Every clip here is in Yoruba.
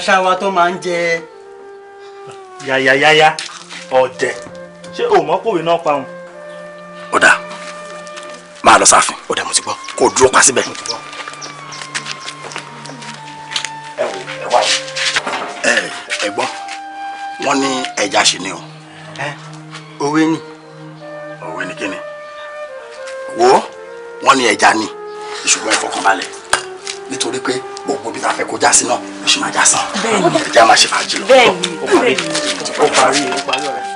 àṣà wa tó máa ń jẹ. yàyàyàyà ọ̀dẹ̀ ṣé o mọ̀ pòwe náà pa òun. ọ̀dà máa lọ sáfin ọ̀dà mo ti gbọ́ kó o dúró pa síbẹ̀. máa ṣe fàájì lọ. bẹ́ẹ̀ni bẹ́ẹ̀ni ó parí ó parí ọ̀rẹ́.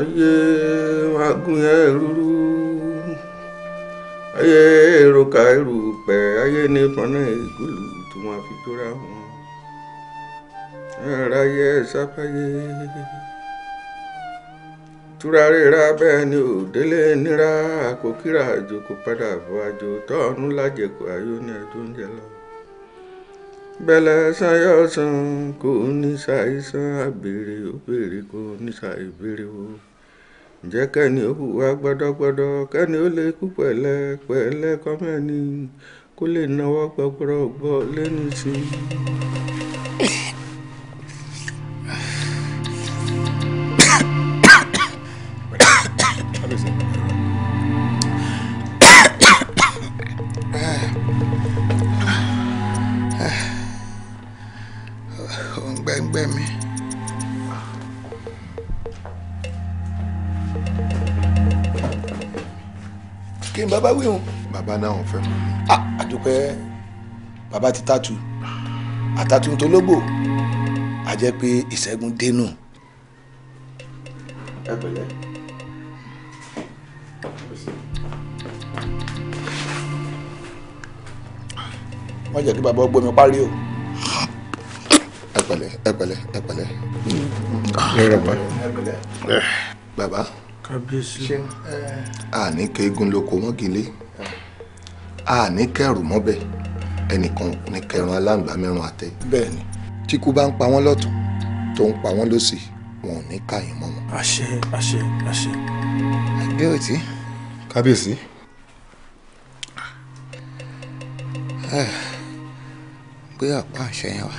ayé magun ẹrúrú ayé èròkà ẹrù pẹ ayé nípọn náà ìgbìlù tó máa fi dóra wọn ẹrọ ayé sáfáyé. túrarí ra bẹ́ẹ̀ ni ò délé nira kò kíra àjò kò padà bọ̀ àjò tọ́ọ̀nù lájẹ̀kọ̀ ayó ní ẹjọ́ ń jẹ lọ. bẹ́lẹ̀ sáyọ̀ san kò ní ṣàìsàn àbèrè ó bèrè kò ní ṣàìbèrè o. ǹjẹ́ kẹ́ni ó hùwà gbọ́dọ́gbọ́dọ́ kẹ́ni ó lè kú pẹ̀lẹ́ pẹ̀lẹ́ kọ́mẹ́ni baba bá wíhun. bàbá náà ò fẹ́ mọ́ mi. àdúpẹ́ bàbá ti tàtù àtàtù tó lógbò a jẹ́ pé ìṣẹ́gun dénú. ẹ pẹ̀lẹ́. wọ́n jẹ́ kí bàbá ọgbọ́n mi parí o. ẹ pẹ̀lẹ́ ẹ pẹ̀lẹ́ ẹ pẹ̀lẹ́. bàbá kábíyèsí. àní keegun lóko mọ́gilé àní kẹrù mọ́bẹ̀ ẹnìkan ní kẹrùn aláǹgbá mẹ́rùn àtẹ. bẹ́ẹ̀ni. tí kú bá ń pa wọ́n lọ́tún tó ń pa wọ́n lọ́sì wọn ò ní káyìn mọ́ wọn. àṣẹ àṣẹ àṣẹ. àgbẹ̀ òtí. kábíyèsí. àpá àṣẹ yẹn wá.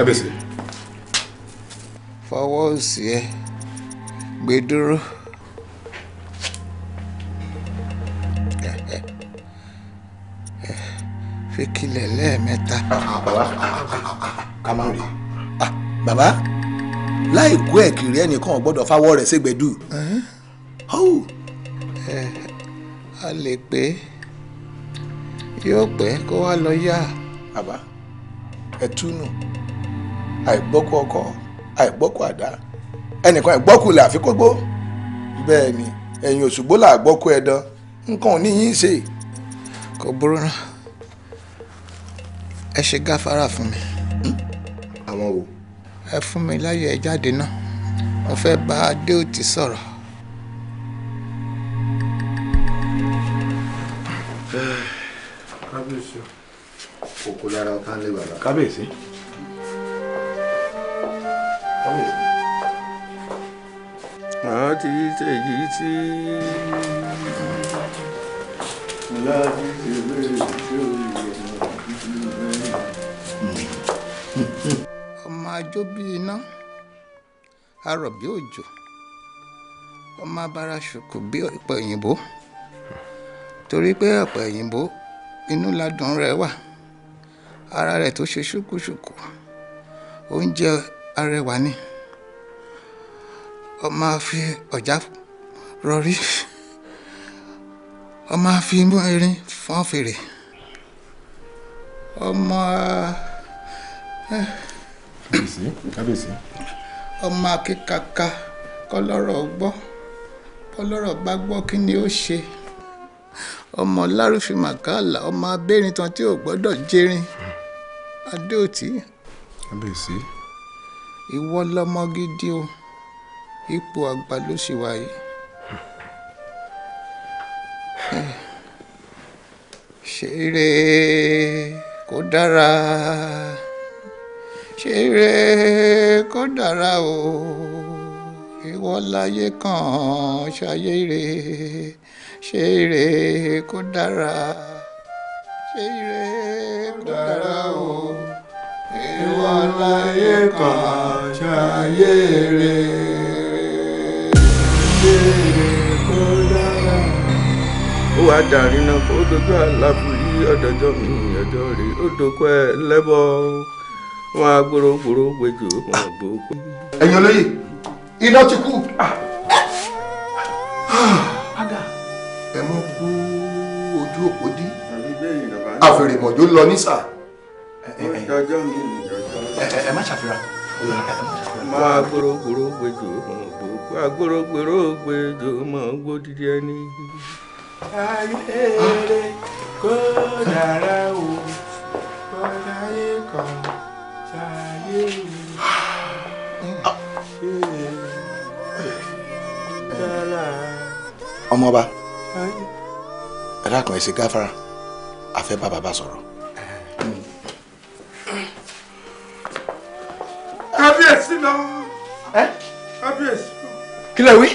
ẹ bẹ̀ sí. fọwọ́ òsì ẹ gbé dúró. fi kilẹ̀ lẹ́ẹ̀mẹ́ta. Ah, ah, bàbá ah, ká má rí. bàbá láì kó ẹ̀ kiri ẹnìkan gbọ́dọ̀ fáwọ́ rẹ̀ ṣègbẹ́dù. Eh, a lè pé yóò pẹ́ kó wá lọ yá. bàbá ẹ túnú àìgbọ́kú ọkọ àìgbọ́kú àdá ẹnìkan àìgbọ́kú ilẹ̀ àfikógbó bẹ́ẹ̀ ni ẹ̀yìn òṣùgbó là àgbọ́kú ẹ̀dán nǹkan ò ní yín ṣe. kò burú náà ẹ ṣe gáfárà fún mi. Hmm? àwọn wo. ẹ fún mi láyè ẹ jáde náà mo fẹ́ bá adéòtí sọ̀rọ̀. kábíyèsí kò kó lára ọ̀tá lé bàbá. kábíyèsí àti tèyí tí. láti tèwé tí ó yẹ ọmọ ajó bí iná arọ bí òjò pé ọ̀pẹ òyìnbó inú ládùn rẹ̀ wà ara rẹ̀ tó ṣe ṣùkúṣùkú oúnjẹ arẹwà ni ọmọ àfi ọ̀já rọrí ọmọ àfi mú erin fọ́n fèrè ọmọ ọmọ akíkaka kọlọ́rọ̀ gbọ́ kọlọ́rọ̀ bá gbọ́ kí ni ó ṣe ọmọ lárúfin màkàlà ọmọ abẹ́rin tán tí ò gbọ́dọ̀ jẹrin adéòtí. kábíyèsí ìwọ lọmọ gidi o ipò àgbà ló sì wà yìí. ṣeré kó dára ṣeré kó dára o ìwọ láyé kan ṣayé rè ṣeré kó dára ṣeré kó dára o ìwọ láyé kan ṣayé rẹ̀ léèrè kó dára. ó wàá dàrí náà kó dojú àlàfo yí ọ̀dọ́jọ́ mi ọjọ́ rẹ̀ ó dokọ́ ẹ lẹ́bọ wọn agbórógbòrò gbèjò wọn gbó. ẹ̀yin olóyè iná ti kú. ẹ mọ kú ojú òpó dí àfẹrèmọjò lọ nísà. ọjọ́ mi nìyẹn ẹ má ṣàfihàn máa gbóró gbóró gbèjò mọ̀ gbogbo agbóró gbóró gbèjò mọ̀ gbódìdí ẹni. ayé eré kó dára o kó dáyé kan ṣáyé ọmọọba ẹ dákun ẹ ṣe gáfárà àfẹ́ bá bàbá sọ̀rọ̀. kábíyèsí lọ. ẹ kábíyèsí lọ. kí lẹ wí.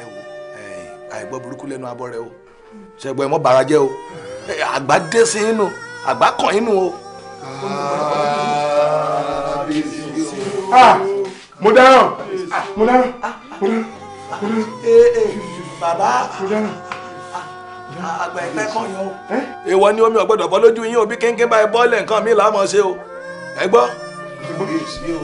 ẹ wo àìgbọ́ burúkú lẹ́nu abọ́ rẹ o ṣẹ̀gbọ́n ẹ mọ́ bàrà jẹ́ o àgbà dé sí inú àgbà kàn inú o. Ah, mo dáràn mo dáràn ah, mo dáràn. Ah, eh, eh, bàbá àgbà ẹgbẹ́ kan yan o. èèwọ̀ ni omi ò gbọ́dọ̀ bọ́ lójú yín òbí kínkín báyìí bọ́ọ̀lù nǹkan mi làá mọ̀ ṣe o ẹ gbọ́. Um ah! Praise you.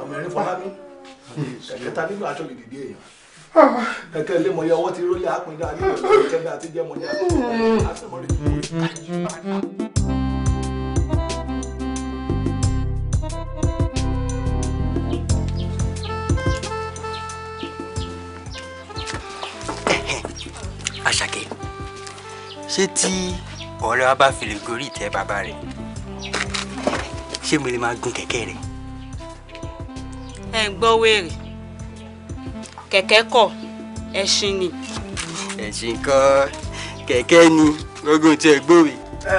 ọmọ ẹni fọlábí kẹ̀kẹ́ ah. ta nínú aṣọ lè dìde èèyàn kẹ̀kẹ́ ah. ilé mọyẹ ọwọ́ ti rólé àpínlẹ àbí ìjẹbẹ àti jẹ mọyẹ àtẹmọlẹ. Àṣàkẹ́ ṣé tí ọ̀rẹ́ wa bá fi lè gorí ìtẹ́ bàbá rẹ̀ ṣé mo lè máa gun kẹ̀kẹ́ rẹ̀. ẹ ń gbọ́ wèrè kẹ̀kẹ́ kọ̀ ẹṣin ni. ẹṣin kọ́ kẹ̀kẹ́ ni ogun tí ẹ gbòòrè. ẹ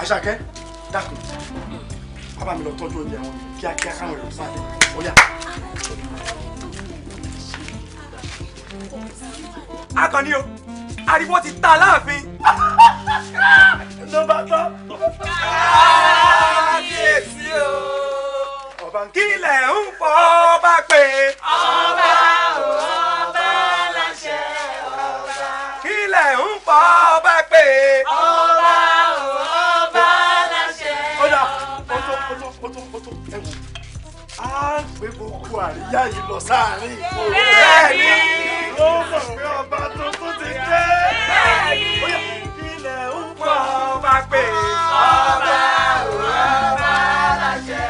Àṣàkẹ́ bàbá mi lọ tọ́jú oúnjẹ wọn kíákíá káwọn èrò sáré ó akọni o ariwo ti ta láàfin. ló bá tán. kábíyèsí o. ọba ń kílẹ̀ ń fọ́ ọba pé. ọba ò ọba láṣẹ ọba. kílẹ̀ ń fọ́ ọba pé. ọba ò ọba láṣẹ ọba. ó dà ó tó ó tó á pé gbogbo àríyá yìí lọ sáàrin ìfò. bẹ́ẹ̀ni ó mọ̀ pé ọba tuntun ti dé. bẹ́ẹ̀ni ilẹ̀ ń pọ̀ ọba pé ọba ọba aláṣẹ.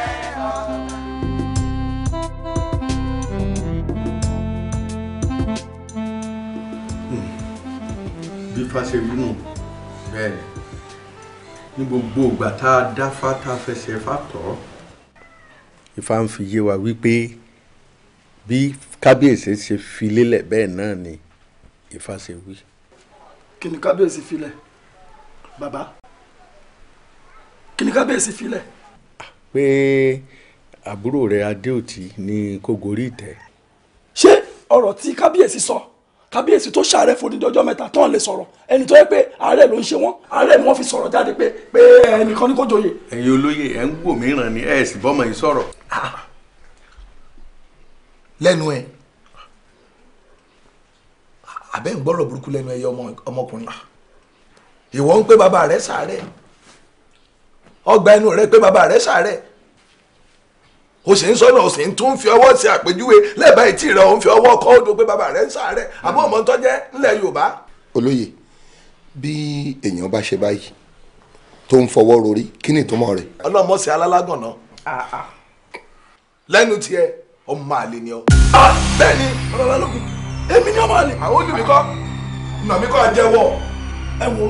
bí fáṣe bínú bẹ́ẹ̀ ni gbogbo ìgbà tá a dá fátá fẹsẹ̀ fátọ́ ifá ń fi yé wa wípé bí kábíyèsí ṣe fi lélẹ̀ bẹ́ẹ̀ náà ni ifá ṣe wí. kí ni kábíyèsí filẹ̀ bàbá kí ni kábíyèsí filẹ̀. pé àbúrò rẹ adéòtí ní kógorí ìtẹ́. ṣé ọ̀rọ̀ tí kábíyèsí sọ kábíyèsí tó ṣàárẹ̀ fún onídọ́jọ́ mẹ́ta tán lè sọ̀rọ̀ ẹni tó yẹ pé àárẹ̀ ló ń ṣe wọ́n àárẹ̀ ni wọ́n fi sọ̀rọ̀ jáde pé pé ẹnìkan ní kó joyè. ẹ̀yin olóyè ẹ̀ ń wò mí ràn ní ẹ̀ sì bọ́mọ yìí sọ̀rọ̀ lẹ́nu ẹ̀ àbẹ́ ń gbọ́rọ̀ burúkú lẹ́nu ẹ̀yọ ọmọkùnrin ìwọ ń pé bàbá rẹ̀ sàárẹ̀ ọgbà ẹnu rẹ̀ pé bàbá rẹ̀ sàárẹ̀ o sì ń sọ́nà o sì ń tún fi ọwọ́ sí àpèjúwe lẹ́ẹ̀bá ìtì rẹ̀ o ń fi ọwọ́ kọ́ ó dùn pé bàbá rẹ̀ ń sàárẹ̀ àmọ́ ọmọ tó jẹ́ ńlẹ̀ Yorùbá. olóye bí èèyàn bá ṣe báyìí tó ń fọwọ́ rorí kí ni ìtumọ̀ rẹ̀. ọlọ́mọ sí alálágànná ah, ah lẹ́nu tiẹ̀ ọmọ àlè ni ọ. bẹ́ẹ̀ ni bàbá balógun èmi ni ọmọ àlè. àwọn olùmí kọ́ nà mí kọ́ àjẹwọ́. ẹ wo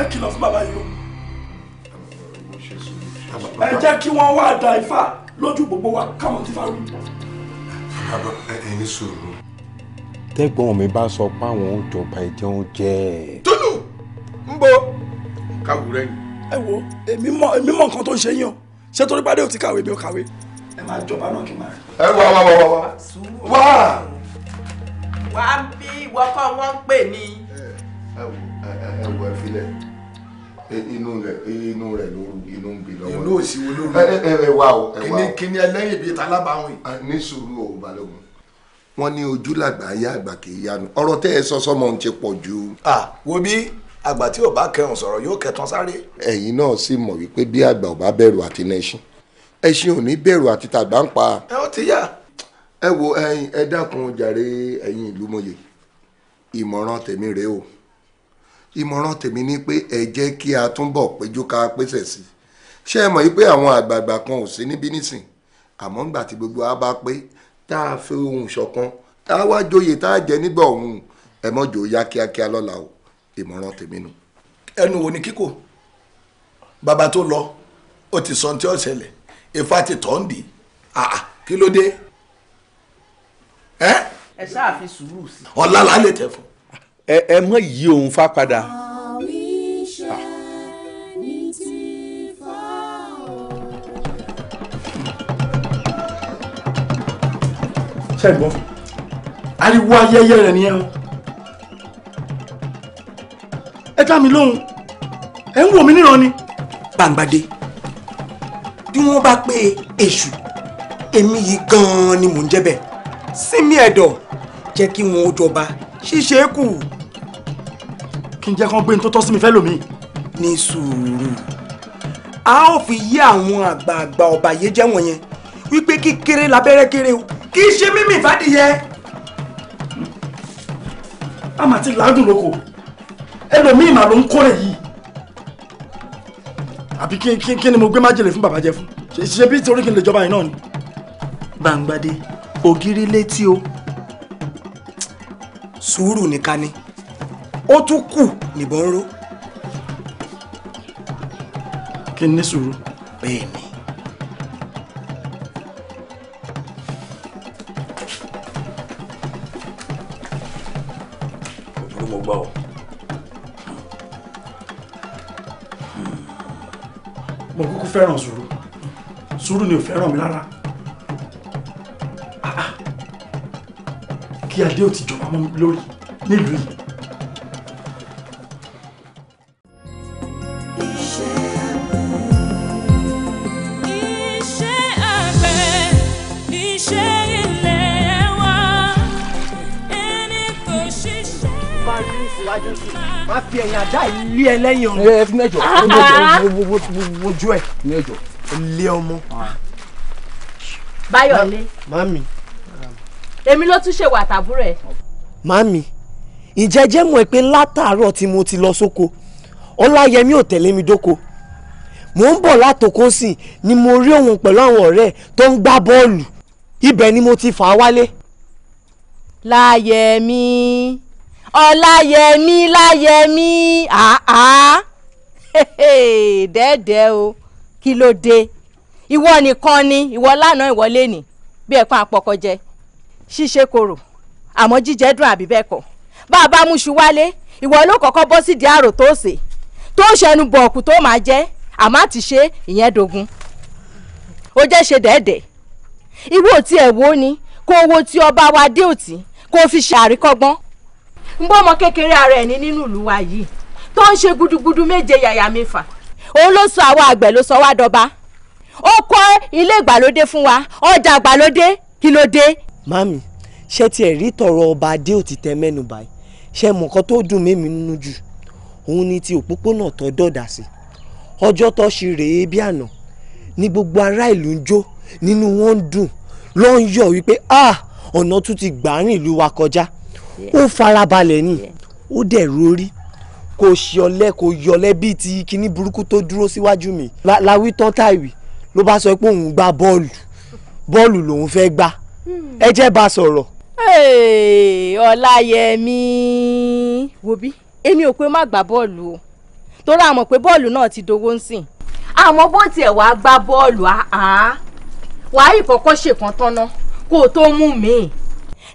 ẹ kìlọ̀ fún bàbá yìí o. ẹ jẹ́ kí wọ́n wá da ifá lójú gbogbo wa káwọn ti fa rú. bàbá ẹni sòrò. tẹ́gbọ́n mi bá sọ pé àwọn ń jọba ẹ̀jẹ̀ ń jẹ́ ẹ̀. tólù ń bọ kàwúrẹ́ ẹ wo èmi mọ nǹkan tó ń ṣe yín o ṣé torí pàdé ò ti kàwé mi ò kàwé ẹ máa jọba náà kí n máa rí. ẹ wá wá wá wá wá. wà á bí ìwọ́kọ̀ wọn ń pè ní. ẹ wò ẹ wò ẹ filẹ̀ inú rẹ inú rẹ lóru inú ń bi lọ́wọ́ inú òsì wo lóru ẹ ẹ wá o ẹ wá o kíní kíní ẹlẹ́yìn bíi talábàáwìn. ní sùúrù o balógun wọn ní ojú làgbà ayé àgbà kì í yanu ọ̀rọ̀ tẹ ẹ sọ sọmọ ń ti pọ̀ jù. à wo bí àgbà tí ò bá kẹrùn sọ̀rọ̀ yóò kẹtàn sáré. ẹ̀yin náà sì mọ̀ wípé bí àgbà ò bá bẹ̀rù àti nẹṣin ẹṣin ò ní bẹ̀rù àti tàgbà ń pa. ẹ ó ti yá. ẹ wo ẹ̀yin ẹ dákun jàre ẹ̀yin ìlú mòye ìmọ̀ràn tèmi rèé o ìmọ̀ràn tèmi ni pé ẹ jẹ́ kí a túnbọ̀ péjú ká pèsè sí i ṣé ẹ mọ̀ yí pé àwọn àgbààgbà kan ò sí níbí nísìn àmọ́ ńgbà tí gbogbo wa bá pé tá a fi ohun ṣọ̀kan tá a wá joyè tá a jẹ nígbà ọ̀hún ẹ mọ̀ jò yá kíákíá lọ́la o ìmọ̀ràn tèmi nu. ẹnu wo ni kíkò bàbá tó lọ ó ti sọ ohun tí ó ṣẹlẹ̀ ifá ti tọ́ ń ah kí ló dé ẹ. ẹ ṣáà fi sùúrù sí. ọ̀la là á lè tẹ̀ fún. ẹ ẹ mọ yí òun fá padà. ṣẹ́gbọ́n ariwo ayẹyẹ rẹ̀ nìyẹn o ẹ dá mi lóhùn ẹ ń wò mí níran ni. gbàǹgbàdé bí wọ́n bá pé èṣù èmi yìí gan-an ni mò ń jẹ́ bẹ́ẹ̀ sinmi ẹ̀dọ̀ jẹ́ kí wọn ó jọba ṣíṣe é kù. kí n jẹ́ kán gbé ní tó tọ́ sí mi fẹ́ lómi. ní sùúrù a ó fi yí àwọn àgbààgbà ọba yé jẹ́ wọ̀nyẹn wípé kékeré labẹ́rẹ́ kéré o kì í ṣe mímì ìfádìyẹ. a máa ti làágùn lóko ẹlòmíì mà ló ń kórè yìí àbí kí ni mo gbé májèlé fún bàbá jẹ fún ṣe bí torí kí n lè jọba yìí náà ni. Bàǹgbàdé ògiri létí o sùúrù nìkan ni ó tún kù níbọn ró. kí n ní sùúrù. bẹ́ẹ̀ ni. fẹ́ràn sùúrù sùúrù ni ò fẹ́ràn mi rárá ah, ah. kí adé ò ti jọba mọ́ lórí nílùú yìí Báyọ̀lé. Mami. Èmi ló tún ṣe wà tàbúrò ẹ̀. Mami, ǹjẹ́ jẹ́ mọ̀ ẹ́ pé látàárọ̀ tí mo ti lọ sóko, Ọláyẹmí ò tẹ̀lé mi dóko. Mo ń bọ̀ látòkó sí ni mo rí òun pẹ̀lú àwọn ọ̀rẹ́ tó ń gbá bọ́ọ̀lù. Ibẹ̀ ni mo ti fà á wálé. Láyẹ̀mí ọláyẹmí láyẹmí àá dẹ́ẹ̀dẹ́ o kí ló dé ìwọ nìkan ni ìwọ lánàá ìwọ lẹ́nì bí ẹ̀kan àpọ̀kọ jẹ ṣíṣe korò àmọ́ jíjẹ dùn àbí bẹ́ẹ̀ kọ́ bá a bá múṣu wálé ìwọ ló kọ́kọ́ bọ́ sídìí àrò tó ṣe tó ṣẹnu bọ̀ọ̀kù tó máa jẹ́ àmọ́ àti ṣe ìyẹn dogun ó jẹ́ ṣe dẹ́ẹ̀dẹ́ ìwọ tí ẹ̀ wò ni kó owó tí ọba wa dé òtí kó fi ṣàríkọ́gbọ́n ń bọ́ ọmọ kékeré ara ẹni nínú ìlú wa yìí tó ń ṣe gudugudu méje yàyà mẹ́fà. òun ló sọ àwa àgbẹ̀ ló sọ wá dọba ó kọ́ ilé ìgbàlódé fún wa ọjà ìgbàlódé kí ló dé. mami ṣé tiẹ̀ rí tọrọ ọba adé òtí tẹ mẹ́nu báyìí ṣé mọ̀ọ́kọ́ tó dùn mẹ́mi nínú jù òun ni ti òpópónà tó dọ̀dà sí ọjọ́ tó ṣe rèé bí àná ni gbogbo ará ìlú ń jó nínú wọn ń dùn ló yọ̀ wípé ah ọ̀nà tún ti gbàárìn ìlú wa kọjá ó farabalẹ̀ ni ó dẹ̀ rori kò ṣọlẹ́ kò yọlẹ́ bíi ti kinní burúkú tó dúró síwájú mi láwí tán táìwì ló bá sọ pé òun gba bọ́ọ̀lù bọ́ọ̀lù lòun fẹ́ gbá hmm. ẹ jẹ́ bá sọ̀rọ̀. ọláyẹmí wo bí èmi ò pé má gbá bọ́ọ̀lù o torí àmọ̀ pé bọ́ọ̀lù náà ti dowó ń sìn. àmọ́ bó tiẹ̀ wá gbá bọ́ọ̀lù àá wàá ìkọ̀kọ̀ ṣèkan tán ná kó o tó mú mi-ín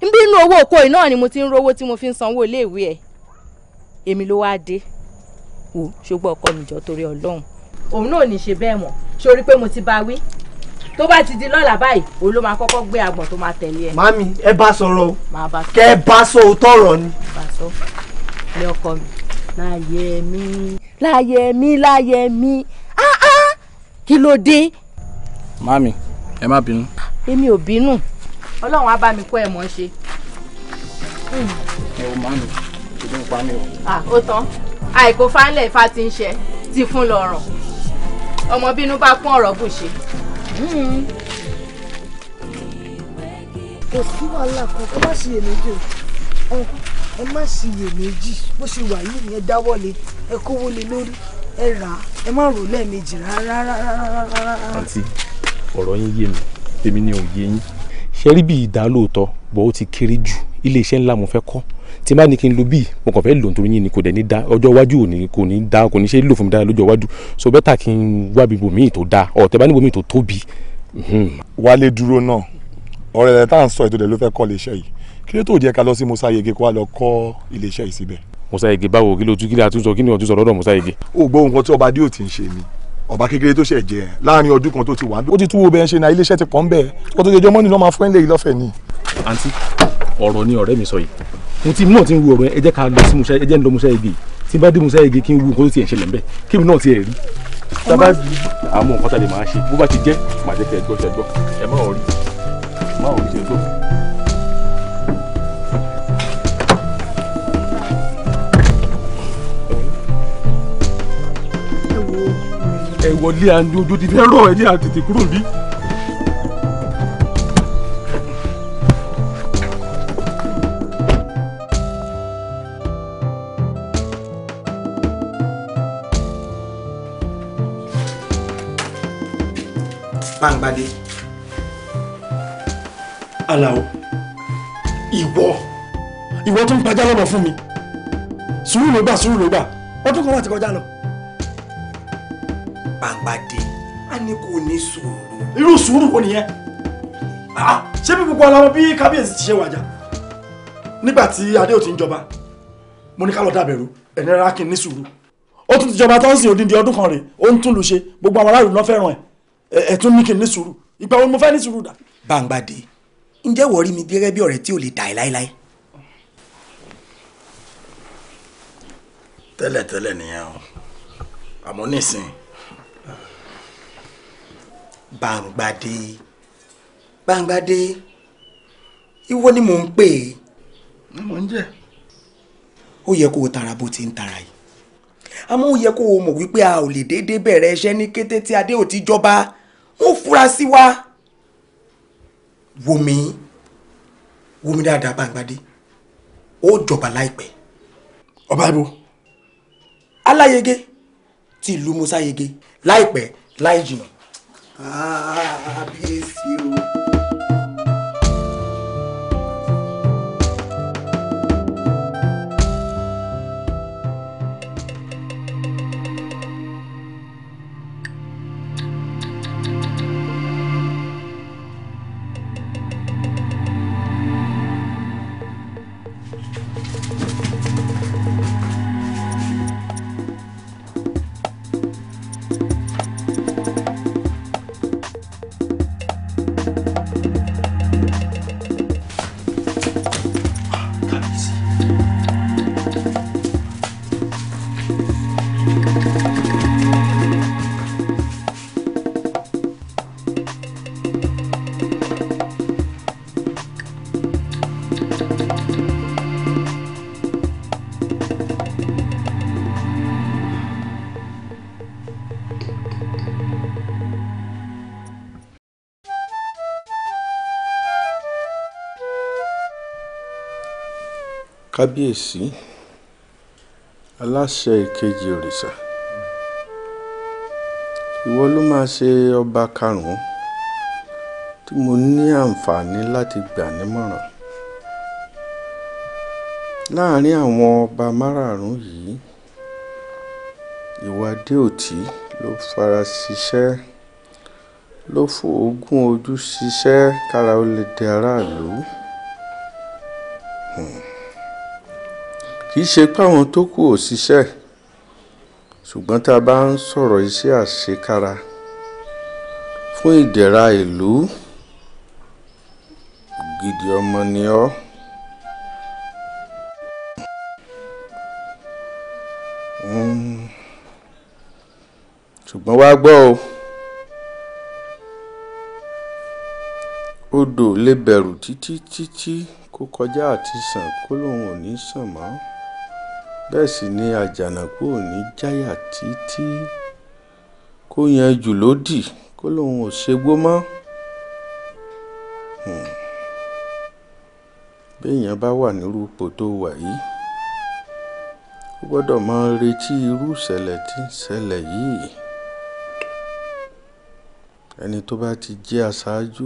nbí inú owó òkò yìí náà ni mo ti ń rówó tí mo fi ń sanwó iléèwé ẹ̀ èmi ló wáá dé wò ṣùgbọ́n ọkọ mi jọ torí ọlọ́run. òun náà ò ní ṣe bẹ́ẹ̀ mọ̀ sórí pé mo ti bá wí tó bá ti di lọ́la báyìí òun ló máa kọ́kọ́ gbé agbọ̀n tó máa tẹ̀lé ẹ. màmí ẹ bá sọ̀rọ̀ o kẹ ẹ bá sọ òótọ́ ọ̀rọ̀ ni. ilé ọkọ mi láyé mi láyé mi láyé mi áá ah, ah. kí ló dé. màmí ẹ má bínú. èmi ò bínú ọlọ́run á bá mi kọ́ ẹ̀ mọ́ ṣe. ẹ ò má mi ìdí ń pa mi o. ó tán àìkò fánlẹ̀ ifá ti ń ṣe ti fún lọ́rùn ọmọ bínú bá pọ́n ọ̀rọ̀ gùn ṣe. kò sí wàhálà kan ẹ má ṣiyèméjì o ẹ má ṣiyèméjì bó ṣe wà yìí ni ẹ dáwọ́lé ẹ kówó lé lórí ẹ rà á ẹ má rò lẹ́ẹ̀mejì rárá. àǹtí ọ̀rọ̀ yín yé mi tèmi ni ò yé yín ṣe rí bíi ìdá lóòótọ́ bọ́ ó ti kéré jù ilé iṣẹ́ ńlá mo fẹ́ kọ́ tí má ní kí n lo bíi mo kàn fẹ́ lò nítorí yín ni kò dẹ̀ ní da ọjọ́ iwájú kò ní da kò ní ṣe lò fún mi dára lọ́jọ́ iwájú so bẹ́tà kí n wá bí bòmíì tó da ọ̀tẹ̀ bá ní bòmíì tó tóbi. Hmm. wálé dúró náà ọ̀rẹ́ rẹ̀ tá à ń sọ ètò rẹ̀ ló fẹ́ kọ́ iléeṣẹ́ yìí kí ló tó jẹ́ ká lọ sí musa yege kó wá lọ kọ́ iléeṣẹ́ yìí síbẹ̀. musa yege báwo kí ló tún kí ló àtúnṣe kí ni ọtún sọ lọ́dọ̀ musa yege. ó gbọ́ nǹkan tí ọba adé ò ti ń ṣe ni ọba kékeré tó ṣẹ̀ jẹ láàrin ọdún kan tó ti wà. ó ti túwò bẹ́ẹ̀ ṣe na iléeṣẹ́ ti pọ̀ ń bẹ́ẹ̀ kó tó jẹjọ́ mọ́nì náà máa fún ẹ̀ lẹ́yìn lọ́fẹ̀ẹ́ ni. àǹtí ọ̀rọ̀ ni ọ̀rẹ́ mi sọ yìí mo ti náà ti ń wo ọ̀rọ̀ ẹ jẹ́ ká lọ sí musa ẹ jẹ́ ń lọ musa igi tí bá dé musa igi kí n wu nǹkan tó ti ẹ̀ ṣẹlẹ̀ ń bẹ̀ kí mi náà ti ẹ̀ rí. tábà àmọ́ ẹ wọlé à ń ojú ti fẹ́ rọ̀ ẹ ní àtètè kúrò bí. Bángbadé Alao ìwọ ìwọ tó ń pajá lọ́nà fún mi sùúrù ló gbà sùúrù ló gbà ọdún kan wà ti kọjá lọ gbangba dé a ní kò ní sùúrù. irú sùúrù wo nìyẹn ah, ṣé bí gbogbo ọlọmọ bí kábíyèsí ti ṣe wàjà nígbà tí adé ò ti ń jọba mo ní ká lọ dàbẹ̀rù ẹ̀ní rárá kí n ní sùúrù ó tún ti jọba tó ń sìn odindi ọdún kan rè ó ń tún lu ṣe gbogbo àwọn aráàlú náà fẹ́ràn ẹ̀ ẹ̀ tún ní kí n ní sùúrù ìgbà wo mo fẹ́ ní sùúrù dà. gbangba dé ǹjẹ́ wọ́n rí mi gẹ́gẹ́ bí ọ̀rẹ́ tí ò lè dà ẹ́ láéláé. tẹ́lẹ̀tẹ́lẹ̀ nìyẹn o àmọ́ nísìnyí Bàǹgbàdé Bàǹgbàdé ìwọ ni mò ń pè é. mo ń jẹ. ó yẹ kó o tara bó ti ń tara yìí àmọ́ ó yẹ kó o mọ̀ wípé a ò lè déédéé bẹ̀rẹ̀ iṣẹ́ ní kété tí adé ò ti jọba wọ́n fura sí wa. wò mí wò mí dáadáa Bàǹgbàdé ó jọba láìpẹ́. ọba ibo. aláyege ti ìlú musa yege láìpẹ́ láì jìnnà Ah, imbecil. kábíyèsí aláṣẹ èkejì òrìṣà ìwọ ló máa ṣe ọba karùn-ún tí mo ní àǹfààní láti gbà nímọ̀ràn láàárín àwọn ọba márààrún yìí ìwà Adéòtí ló fara ṣiṣẹ́ ló fòógùn ojú ṣiṣẹ́ kára ó lè di aráàlú. Hmm kì í ṣe páwọn tó kù ò ṣiṣẹ́ ṣùgbọ́n tá a bá ń sọ̀rọ̀ iṣẹ́ àṣekára fún ìdẹ̀ra ìlú gidi ọmọ ni ọ́. ṣùgbọ́n wá gbọ́ o odò lè bẹ̀rù títí títí kó kọjá àti sàn kó lóun ò ní sàn mọ́ bẹ́ẹ̀ sì ni àjànàkú ò ní í jáyà títí kó yan jù lódì kó lóun ò ṣègbó mọ́ hmm. béèyàn bá wà nírú ipò tó wà yìí ó gbọ́dọ̀ máa retí irú ìṣẹ̀lẹ̀ tí ń ṣẹlẹ̀ yìí ẹni tó bá ti jẹ́ aṣáájú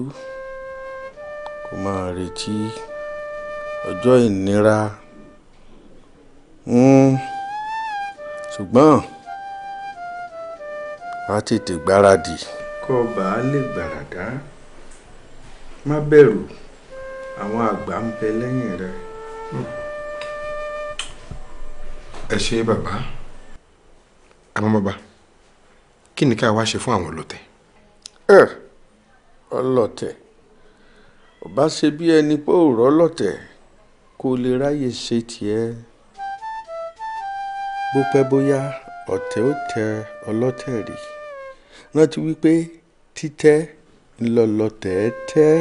kó máa retí ọjọ́ ìnira. Hmm. ṣùgbọ́n wàá tètè gbáradì. kọ́ bàá lè gbàràdá má bẹ̀rù àwọn àgbà ń bẹ lẹ́yìn rẹ. ẹ ṣe bàbá àmọ́ bàbá kí ni ká wá ṣe fún àwọn ọlọ́tẹ̀. ẹ ọlọ́tẹ̀ ọba ṣe bí ẹni pé òòrọ̀ ọlọ́tẹ̀ kó lè ráyè ṣe tiẹ̀ bó pẹ́ bóyá ọ̀tẹ̀ ó tẹ ọlọ́tẹ̀ rí rántí wípé títẹ́ ńlọlọtẹ̀ tẹ́.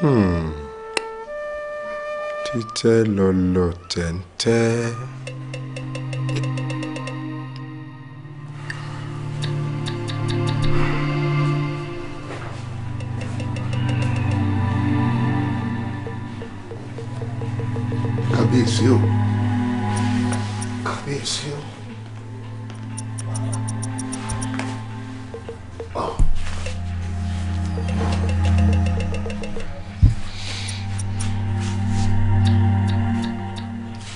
Hmm. títẹ́ lọlọtẹ̀ tẹ́. kábíyèsí o.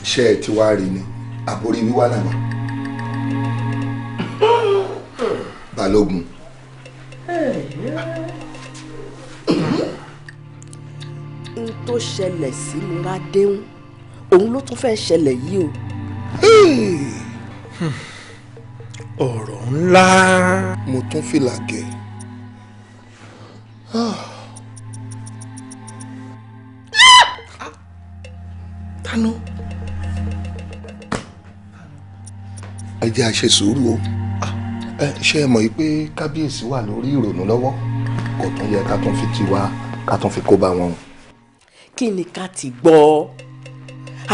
iṣẹ́ ẹ̀ ti wá rí ni àbórí wíwá lànà. balógun. n tó ṣẹlẹ̀ sí mi ládéhùn òun ló tún fẹ́ ṣẹlẹ̀ yìí o. Hmm. ọ̀rọ̀ ńlá. mo tún fìlà gẹ̀. Ah. tánú. ẹ jẹ́ àṣẹ sùúrù o ṣé ẹ mọ̀ yìí pé kábíyèsí wà lórí ìrònú lọ́wọ́ kò tún yẹ ká tún fi tiwa ká tún fi kó bá wọn. kí ni ká ti gbọ́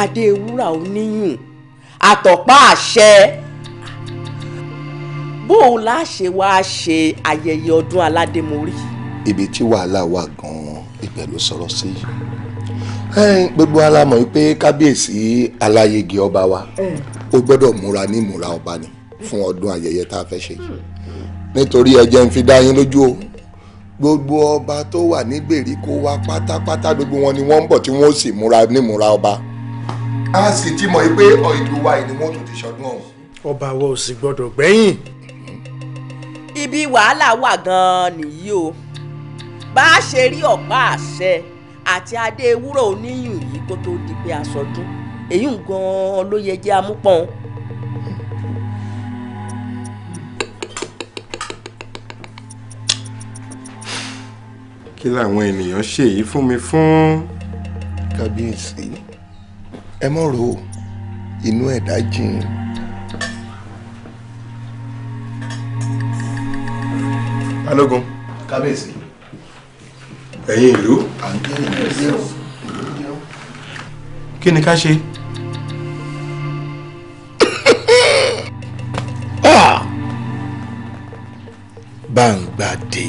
adé ewúrà oníyùn àtọ̀pá àṣẹ bóun láṣẹ wàá ṣe ayẹyẹ ọdún aládémorí. ibi tí wàhálà wà gan-an ibẹ̀ ló sọ̀rọ̀ sí gbogbo ala mọ̀ pé kábíyèsí aláyege ọba wa ó gbọ́dọ̀ múra ní ìmúra ọba ni fún ọdún ayẹyẹ tá a fẹ́ ṣe nítorí ẹ jẹ́ fi dá yín lójú o gbogbo ọba tó wà ní wa pátápátá gbogbo wọn ni wọ́n ń bọ̀ tí wọ́n ó sì múra nímúra ọba a sì ti mọ̀ pé ìlú wa ni wọ́n tún ti ṣọdún ọ̀hún. ọba wa sì gbọdọ̀ gbẹ́yìn. ibi wàhálà wà gan nìyí o bá a ṣe rí ọ̀pá àṣẹ àti adé ewúrò oníyùn yìí kó tó di pé a èyí gan ló yẹ jẹ́ amúpọ̀n. kí làwọn ènìyàn ṣèyí fún mi fún. kábíyèsí ẹ mọ̀ rò ó inú ẹ̀dá jìn. balógun. kábíyèsí. ẹ̀yin ìlú. à ń jẹ́ ìlú. kí ni ká ṣe. Bàǹgbàdé.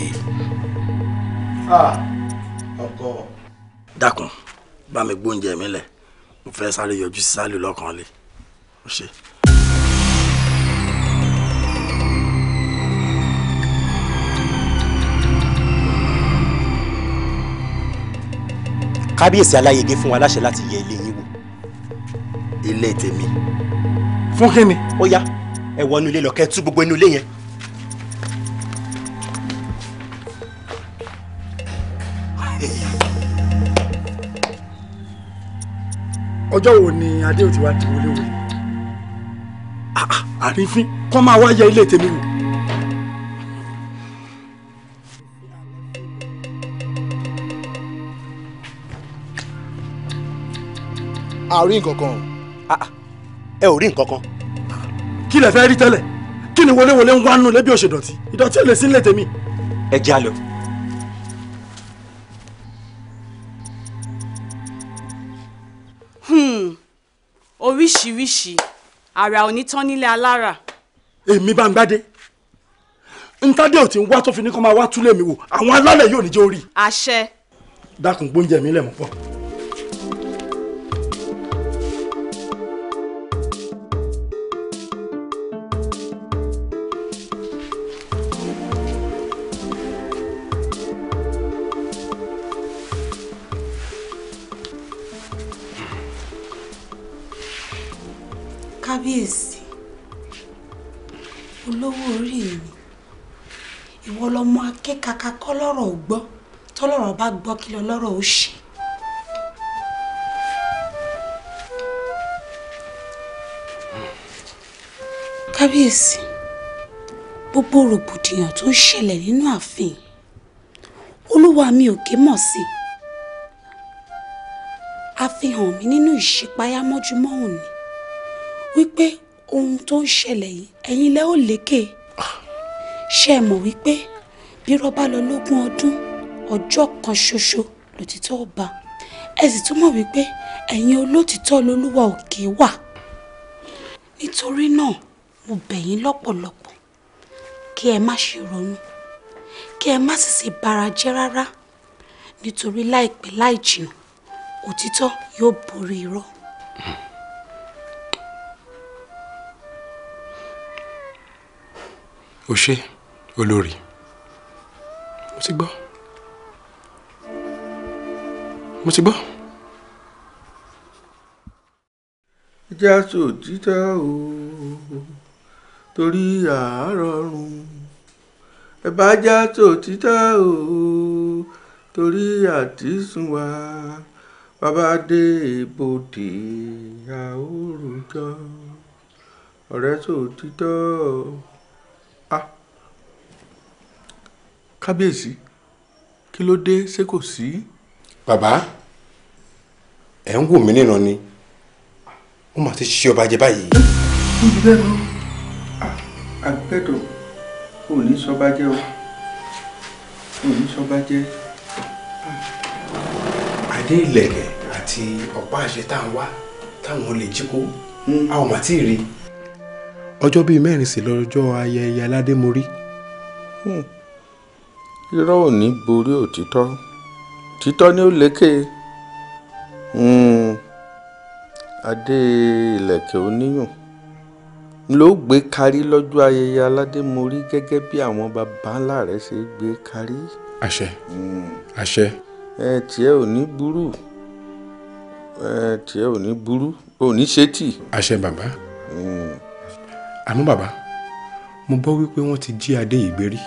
dákun bá mi gbóúnjẹ mi lẹ̀ mo fẹ́ sáré yọjú sí sálù lọ́kàn lé ó ṣe. kábíyèsí aláyege fún wa láṣẹ láti yẹ ilé yín wò ilé tèmi. fún kí ni. ó yá ẹ wọnú ilé lọ kẹ tú gbogbo inú ilé yẹn ọjọ́ wo ni adé ò ti wá di olówó ah, ah, àrífín kọ́ máa wá yẹ ilé tèmi wò. a ò rí nǹkan kan ah, ẹ ò rí nǹkan kan. kí lẹ fẹ́ rí tẹ́lẹ̀ kí ni wọléwọlé ń wá nù lẹ́bí òṣèdọ̀tí ìdọ̀tí ò lè sí ilé tèmi. ẹ jẹ́ àlọ́. oríṣiríṣi àrà onítàn nílé alára. èmi bá ń gbádé ntádé ò ti ń wá tó fi ní kó máa wá túlé mi wò àwọn alálẹ̀ yóò ní jẹ́ orí. àṣẹ. dákun gbóúnjẹ mi lẹ̀ mọ́ pọ̀. kábíyèsí olówó orí mi ìwọ lọmọ akékaka kọ́ lọ́rọ̀ ò gbọ́ tọ́lọ́rọ̀ bá gbọ́ kí lọ lọ́rọ̀ ó ṣe. kábíyèsí gbogbo rògbòdìyàn tó ń ṣẹlẹ̀ nínú ààfin olúwa mi ò ké mọ̀ sí i àfihàn mi nínú ìṣípayá mọ́júmọ́ òní wípé ohun tó ń ṣẹlẹ̀ yìí ẹ̀yin lẹ́ ò lékè ṣe é mọ̀ wípé bí rọ́bà lọ lógún ọdún ọjọ́ kan ṣoṣo lòtítọ́ ọba ẹ sì tún mọ̀ wípé ẹ̀yin olótìtọ́ lolúwa òkè wà nítorí náà mo bẹ̀ yín lọ́pọ̀lọpọ̀ kí ẹ má ṣe ronú kí ẹ má sì ṣe bara jẹ́ rárá nítorí láìpẹ́ láì jìnnà òtítọ́ yóò borí irọ́. Mm. o ṣe olórí mo ti gbọ́ mo ti gbọ́. ìjà tó títà o torí àárọ̀ rùn ẹ bá já tó títà o torí àtisùn wa bàbá dé ibodè àórùjọ ọ̀rẹ́ tó títọ́ kábíyèsí kí ló dé ṣé kò sí. bàbá ẹ̀ ń wò mí níran ni wọ́n máa ti ṣe ọba jẹ báyìí. níbi bẹ́ẹ̀ lọ àgbẹ̀dọ̀ ò ní sọba jẹ́ o ò ní sọba jẹ́. adé ìlẹ̀kẹ̀ àti ọ̀pá àṣẹ tá à ń wá táwọn olè jí kó a ò mà tí ì rí. ọjọ́ bíi mẹ́rin sí lọ́jọ́ ayẹyẹ aládémorí. Hmm irọ́ ò ní borí òtítọ́ títọ́ ni ó lékè hmm. adé ìlẹ̀kẹ̀ oníyùn ló gbé kárí lọ́jọ́ ayẹyẹ aládémorí gẹ́gẹ́ bí àwọn baba ńlá rẹ̀ ṣe gbé kárí. àṣẹ hmm. àṣẹ. ẹ tiẹ̀ ò ní burú ẹ tiẹ̀ ò ní burú ò ní ṣètì. àṣẹ bàbá hmm. àmọ́ bàbá mo gbọ́ wípé wọ́n ti jí adé yìí gbé rí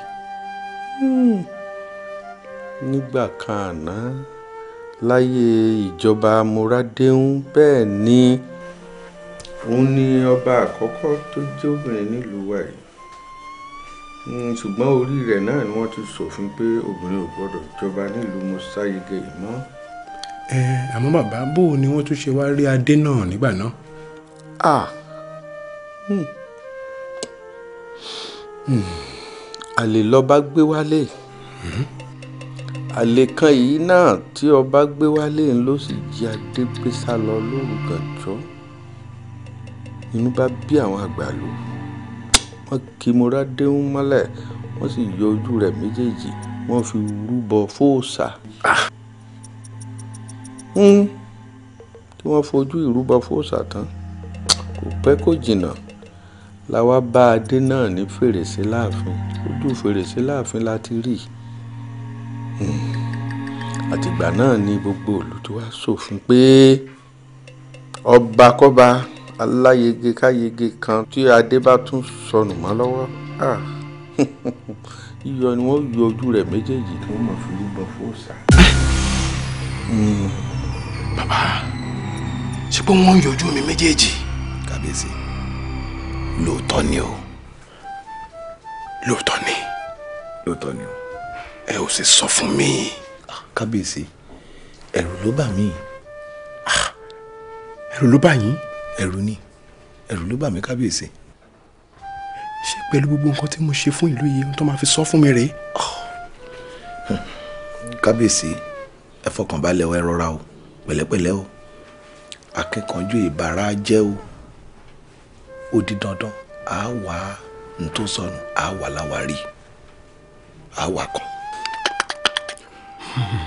nígbà kan àná láyé ìjọba moradéhùn bẹ́ẹ̀ ni òun ni ọba àkọ́kọ́ tó jẹ́ obìnrin nílùú wa yìí hmm, ṣùgbọ́n orí rẹ̀ náà ni wọ́n ti ṣòfin pé obìnrin ò gbọ́dọ̀ jọba nílùú mọ́sáyege yìí mọ́. ẹ àmọ́ bàbá bò ni wọ́n tún ṣe wá rí adé náà nígbà náà. ah. Hmm. Hmm àlè lọba gbé wálé mhm. àlè kan yìí náà tí ọba gbé wálé ló sì jí adé gbé sá lọ lóru gànjọ́ inú bá bí àwọn àgbàlú wọ́n kì í mọ́ra déhùn mọ́lẹ̀ wọ́n sì yọ ojú rẹ̀ méjèèjì wọ́n fi rúbọ fóòṣà ah! tí wọ́n fojú ìrúbọ fóòṣà tán kò pẹ́ kó jìnnà la wá bá adé náà ní fèrèsé láàfin ojú fèrèsé láàfin la ti rí hmm. àtìgbà náà ni gbogbo ìlú ti wá ṣòfin pé ọbakọ́ba aláyege káyege kan tí adé bá tún sọnù mọ́ lọ́wọ́ yíyọ ni wọ́n yọ ojú rẹ̀ méjèèjì tí wọ́n mọ̀ fi rúbọ fóòsà. Hmm. bàbá ṣé pé wọ́n ń yọjú mi méjèèjì kábíyèsí lóòótọ́ ni o lóòótọ́ ni lóòótọ́ ni o ẹ ò sì sọ fún mi. Ah, kábíyèsí ẹ̀rù ló bà mí ah, ẹ̀rù ló bà yín ẹ̀rù ni ẹ̀rù ló bà mí kábíyèsí ṣé pẹ̀lú gbogbo nǹkan tí mo ṣe fún ìlú yìí ohun tó máa fi sọ fún mi rèé. Ah. Hmm. kábíyèsí ẹ fọkànbalẹ̀ o ẹ rọra o pẹ̀lẹ́pẹ̀lẹ́ o akẹ́kọ̀ọ́jú ìbára jẹ́ o. odi dandan a wà n tó sọnù á wà láwárí a wà kọ. Hmm.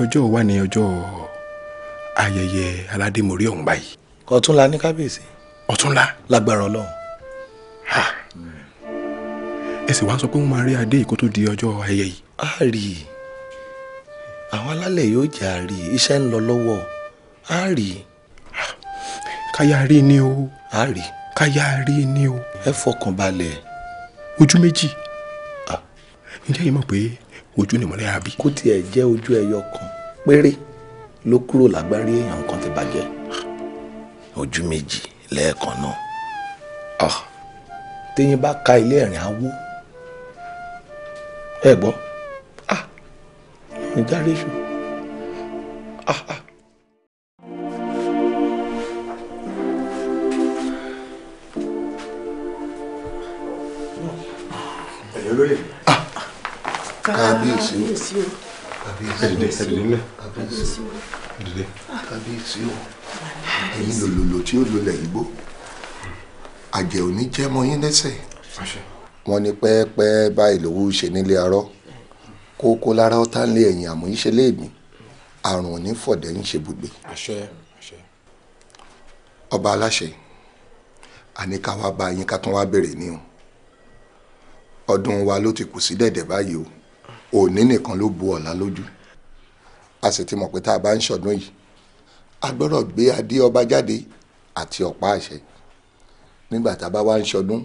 ọjọ́ wa ni ọjọ́ ayẹyẹ aládémorí ọ̀hún báyìí. ọ̀túnla ní kábíyèsí. ọ̀túnla. lágbára ọlọ́run. ẹ sì wá sọ pé wọ́n máa rí adé yìí tó di ọjọ́ ayẹyẹ yìí. a rí i àwọn alálẹ̀ yóò jà rí i iṣẹ́ ń lọ lọ́wọ́ a rí i. káyà rí ni o. a rí. káyà rí ni o. ẹ fọkàn balẹ̀. ojú méjì. Ah. ǹjẹ́ yìí mọ̀ pé ojú ni mọ̀lẹ́ àbí. kó tiẹ̀ jẹ́ ojú ẹyọ kan péré ló kúrò lágbárí èèyàn kan ti bàjẹ́ ojú méjì lẹ́ẹ̀kan náà ah téyín bá ka ilé ẹ̀rìn awó ẹ gbọ́ ah ìdáríṣu ah ah. olóyè. Ah. Ah, kábíyèsí o kábíyèsí o kábíyèsí o kábíyèsí o èyí lòlòlò tí ó lolẹ̀ igbó àjẹ́ ò ní jẹ́ mọ́yín lẹ́sẹ̀ wọ́n ní pẹ́ẹ́pẹ́ báyìí lówó ṣe nílé arọ́ kókó lára ọ̀tá ń lé ẹ̀yìn àmọ́ yín ṣe léèmí àrùn òní fọ̀dẹ̀ ń ṣe bùgbé. ọba aláṣẹ àníkà wàá bá yín ká tún wá bèrè ní o ọdún wa ló ti kù sí dẹ̀dẹ̀ báyìí o òní nìkan ló bu ọ̀la lójú a sì ti mọ̀ pé tá a bá ń ṣọdún yìí a gbọ́dọ̀ gbé adé ọba jáde àti ọ̀pá àṣẹ nígbà tá a bá wá ń ṣọdún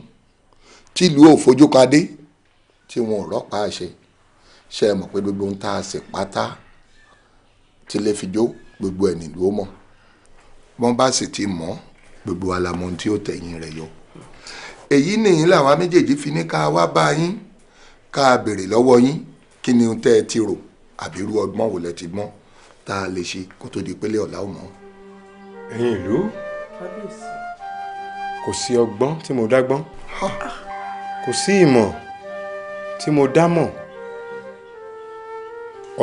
tílùú ò fojú kan adé tí wọn ò rọ́pá àṣẹ ṣe é mọ̀ pé gbogbo ń tá a pátá tilẹ̀ fi jó gbogbo ẹ̀ nílùú mọ̀ wọ́n bá sì ti mọ̀ gbogbo alamọ̀ tí ó tẹ̀yìn rẹ̀ yọ èyí nìyí làwọn méjèèjì fi ní ká wá bá yín ká béèrè lọ́wọ́ yín kí ni tẹ́ ẹ ti rò àbí ọgbọ́n wo lẹ ti gbọ́n tá a lè ṣe kó tó di pélé ọ̀la ò mọ́. ẹ̀yin ìlú kò sí ọgbọ́n tí mo dágbọ́n kò sí ìmọ̀ tí mo dámọ̀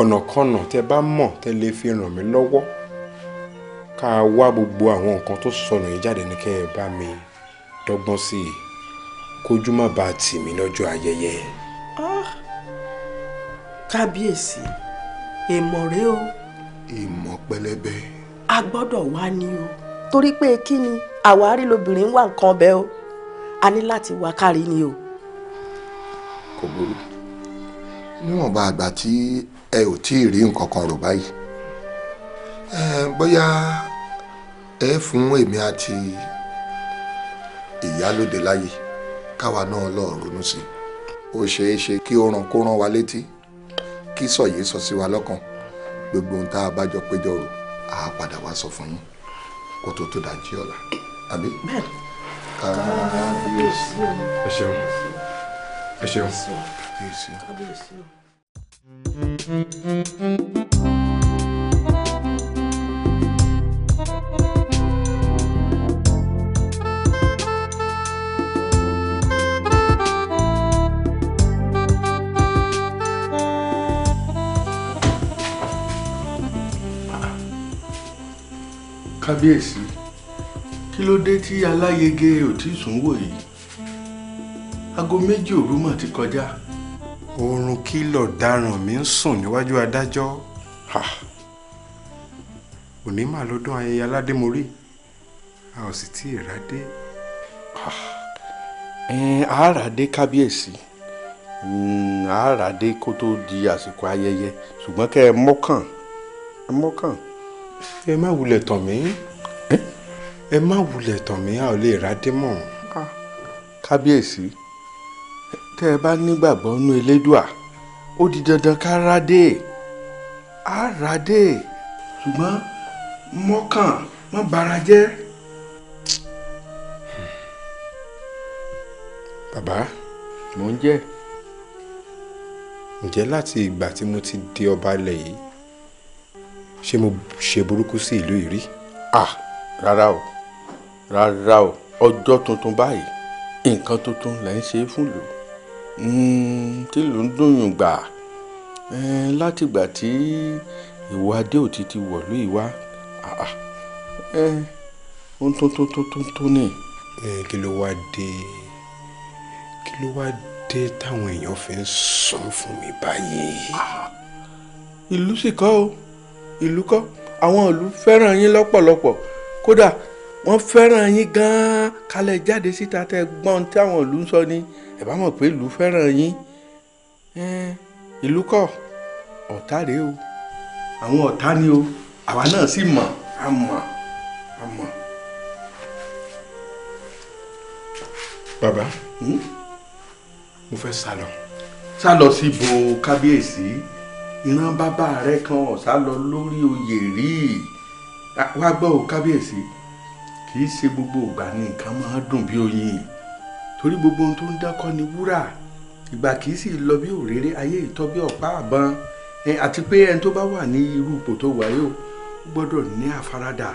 ọ̀nàkọ́nà tẹ bá mọ̀ tẹ lè fi ràn mí lọ́wọ́ ká wá gbogbo àwọn nǹkan tó sọnù yìí jáde ní kẹ́ ẹ bá mi dọ́gbọ́n sí i kójú má bàa tì mí lọ́jọ́ ayẹyẹ. Ah, kábíyèsí èèmọ̀ rẹ o. èèmọ̀ pẹlẹbẹ. a gbọ́dọ̀ wá ní o torí pé kí ni àwárí lobìnrin ń nǹkan ọbẹ̀ o a ní láti wá kárí ni o. kò burú níwọ̀nba àgbà tí ẹ ò tí ì rí nǹkan kan rò báyìí bóyá ẹ fún èmi àti ìyálóde láyè káwa náà lọ ronú sí i ó ṣeé ṣe kí ó ràn kó rán wa létí kí sọ̀yé sọ sí wa lọ́kàn gbogbo ohun tá a bá jọ péjọ rò á padà wá sọ fún yín kó tó tó dájú ọ̀la àbí. kábíyèsí ẹ ṣeun ẹ ṣeun kábíyèsí. kábíyèsí kí ló dé tí aláyege ò tí sùn wò yìí aago méjì òru mà ti kọjá. oorun kìlọ̀ daràn mi ń sùn níwájú adájọ́ òní mà lọ́dún ayẹyẹ aládé mo rí a ò sì tí ì rádé. àáràdé kábíyèsí àáràdé kó tó di àsìkò ayẹyẹ ṣùgbọ́n kẹ́ ẹ mọ́kàn ẹ mọ́kàn ẹ má wulẹ̀ tàn mí ẹ má wulẹ̀ tàn mí a ò lè rádé mọ́ kábíyèsí tẹ́ ẹ bá nígbàgbọ́ nú elédùà ó di dandan ká rádé á rádé ṣùgbọ́n mọ́kàn mọ́ bara jẹ́. bàbá mò ń jẹ́ ǹjẹ́ láti ìgbà tí mo ti di ọba ilẹ̀ yìí ṣé mo ṣe burúkú sí ìlú yìí rí ah rárá o rárá o ọjọ́ tuntun báyìí nǹkan tuntun là ń ṣe fún ìlú hmm, tí ìlú ń dùnyùn gbà eh, látìgbà tí ìwọ Adéòtí ti wọ̀lú ìwá eh, ohun tuntun tuntun tó ní. Eh, kí ló wá dé kí ló wá dé táwọn èèyàn fi ń sọ fún mi báyìí. ìlú sì kọ́ o ìlú kọ́ àwọn ìlú fẹ́ràn yín lọ́pọ̀lọpọ̀ kódà wọ́n fẹ́ràn yín gan-an kálẹ̀ jáde síta tẹ́ gbọ́n tí àwọn ìlú ń sọ ni ẹ bá mọ̀ pé ìlú fẹ́ràn yín ìlú kọ́ ọ̀tá rèé o àwọn ọ̀tá ni o àwa náà sì mọ̀ a mọ̀ a mọ̀. bàbá hmm? mo fẹ́ sálọ. sálọ sí bo kábíyèsí. Si ìran bàbá rẹ kan ọ̀sá lọ lórí oyè rí wá gbọ́ ò kábíyèsí kì í ṣe gbogbo ìgbà ni nǹkan máa dùn bí oyin torí gbogbo ohun tó ń dákọ́ ni wúrà ìgbà kì í sì lọ bí òréré ayé ìtọ́ bí ọ̀pá àbọn àti pé ẹni tó bá wà ní irú ipò tó wà yóò gbọ́dọ̀ ní àfaradà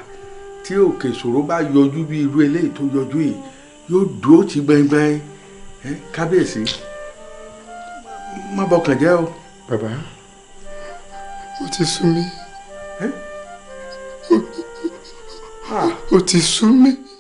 tí òkè ìṣòro bá yọjú bí irú eléyìí tó yọjú yìí yóò dúró ti gbẹngbẹng kábíyèsí má bọkàn jẹ́ o. bàbá ó ti sú mi ó ti sú mi.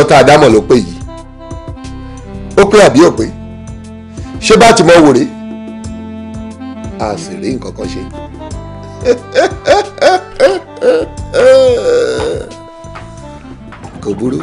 ọjọ́ tá a dámọ̀ ló pé yìí ó pé àbí ò ṣé bá ti mọ wòrè a sì rí nǹkan kan ṣe. kò burú.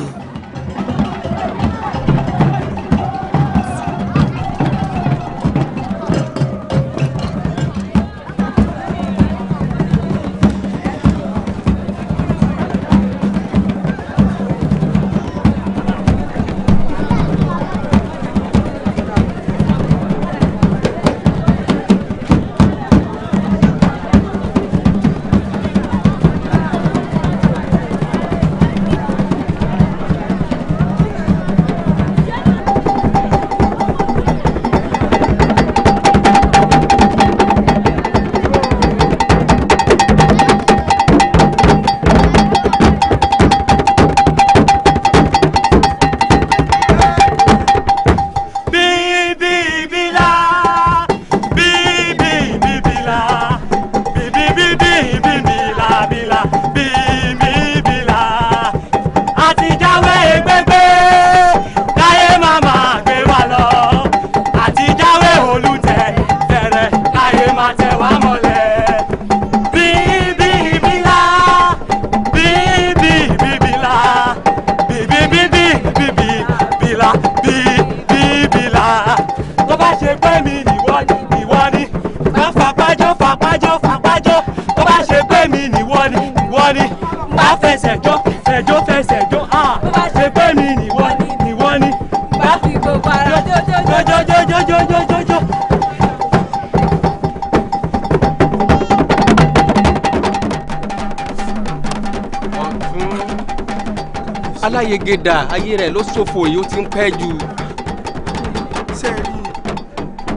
yegeda ayé rẹ̀ ló ṣòfò yìí ó ti ń pẹ́ jù. sẹ́ẹ̀rì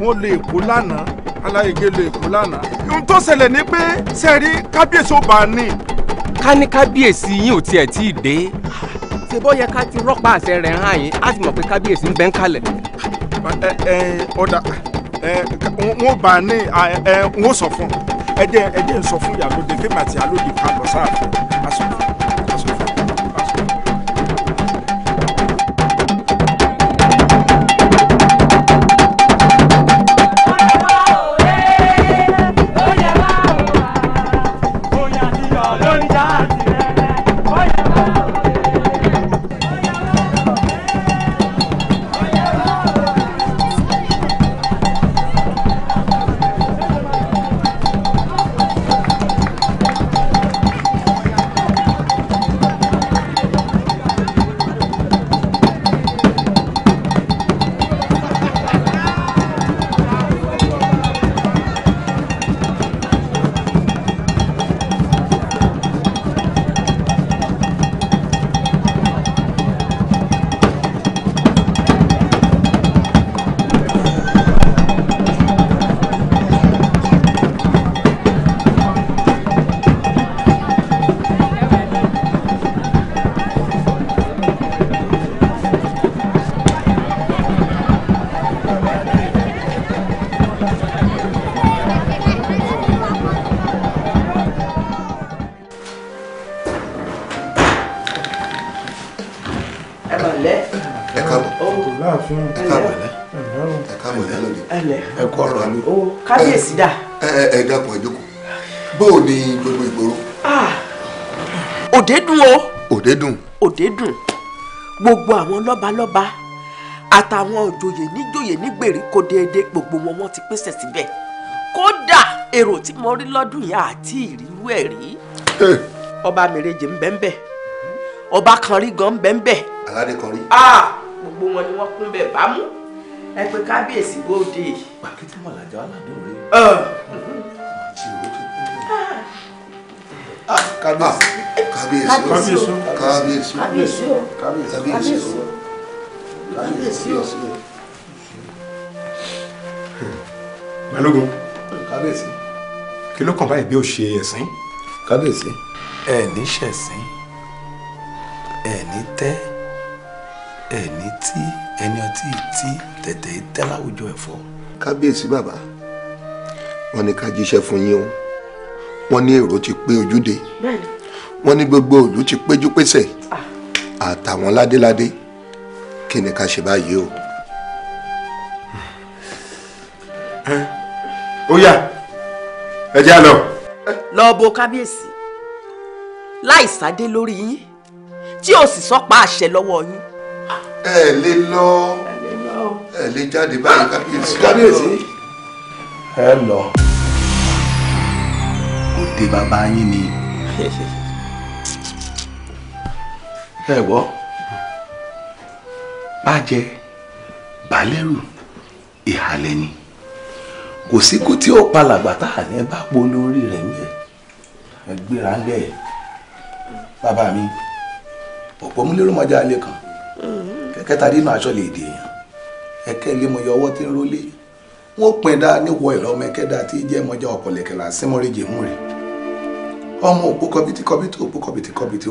wọ́n lè kó lánàá aláìgé lè kó lánàá. ohun tó ṣẹlẹ̀ ni pé sẹ́ẹ̀rì kábíyèsí ò bá a ní. ká ní kábíyèsí yín ò tiẹ̀ tí ì dé ṣe bọ́ yẹ ká ti rọ́pá àṣẹ rẹ̀ hàn yín á ti mọ̀ pé kábíyèsí ń bẹ ń kalẹ̀. ẹ ẹ ọ̀dà wọn bá a ní ẹ ẹ wọn sọ fún ẹ jẹ ẹ jẹ sọ fún ìyálóde kí màtí ìyálóde ká lọ sáà fún lọ́balọ́ba àtàwọn òjòyè níjòyè nígbèríko déédéé gbogbo wọn wọn ti pèsè síbẹ̀ kódà èrò tí mo rí lọ́dún yẹn àti ìrírú ẹ̀ rí. Eh. ọba mèrèjì ń bẹ́ ń bẹ́ ọba kan rí gan ń bẹ́ ń bẹ́. aládé kan rí. gbogbo wọn ni wọ́n kún bẹ́ẹ̀ bámú ẹ pé kábíyèsí bóde. pàkìtì mọ̀lájà aládùn rẹ. Ah, ah. kábíyèsí kábíyèsí kábíyèsí kábíyèsí kábíyèsí kábíyèsí o. balógun. kábíyèsí. kí ló kàn báyìí bí ó ṣe ẹ̀sìn. kábíyèsí. ẹ ní ṣẹ̀sìn ẹ ní tẹ́ ẹ ní tí ẹni ọtí tí tẹ̀tẹ̀ tẹ́ láwùjọ ẹ̀fọ́. kábíyèsí bàbá wọn ni ká jíṣẹ́ fún yín o wọn ní èrò ti pé ojúde wọn ní gbogbo òlú ti péjú pésẹ̀ ah. àtàwọn ládéládé. Ah kí ni ká ṣe báyìí o. ó yá ẹ jẹ́ àlọ́. lọ bo kábíyèsí láì sáde lórí yín tí o sì sọ pa àṣẹ lọ́wọ́ yín. ẹ lè lọ ẹ lè jáde báyìí kábíyèsí. kábíyèsí ẹ lọ òde bàbá yín ni ẹ wọ́. bàjẹ́ bàlẹ́rù ìhàlẹ̀ ni kò síkú tí ó pa làgbàtà àlẹ́ bá po lórí rẹ̀ ń bẹ̀ gbéra ń bàbá mi ọ̀pọ̀ mú lérò mọ́jà alẹ́ kan kẹ́kẹ́ ta dínú aṣọ lè dè èèyàn ẹ̀kẹ́ lé ọwọ́ tí ń rólé ọ̀pọ̀lẹ̀kẹ̀lá mú rẹ̀ ọmọ òpó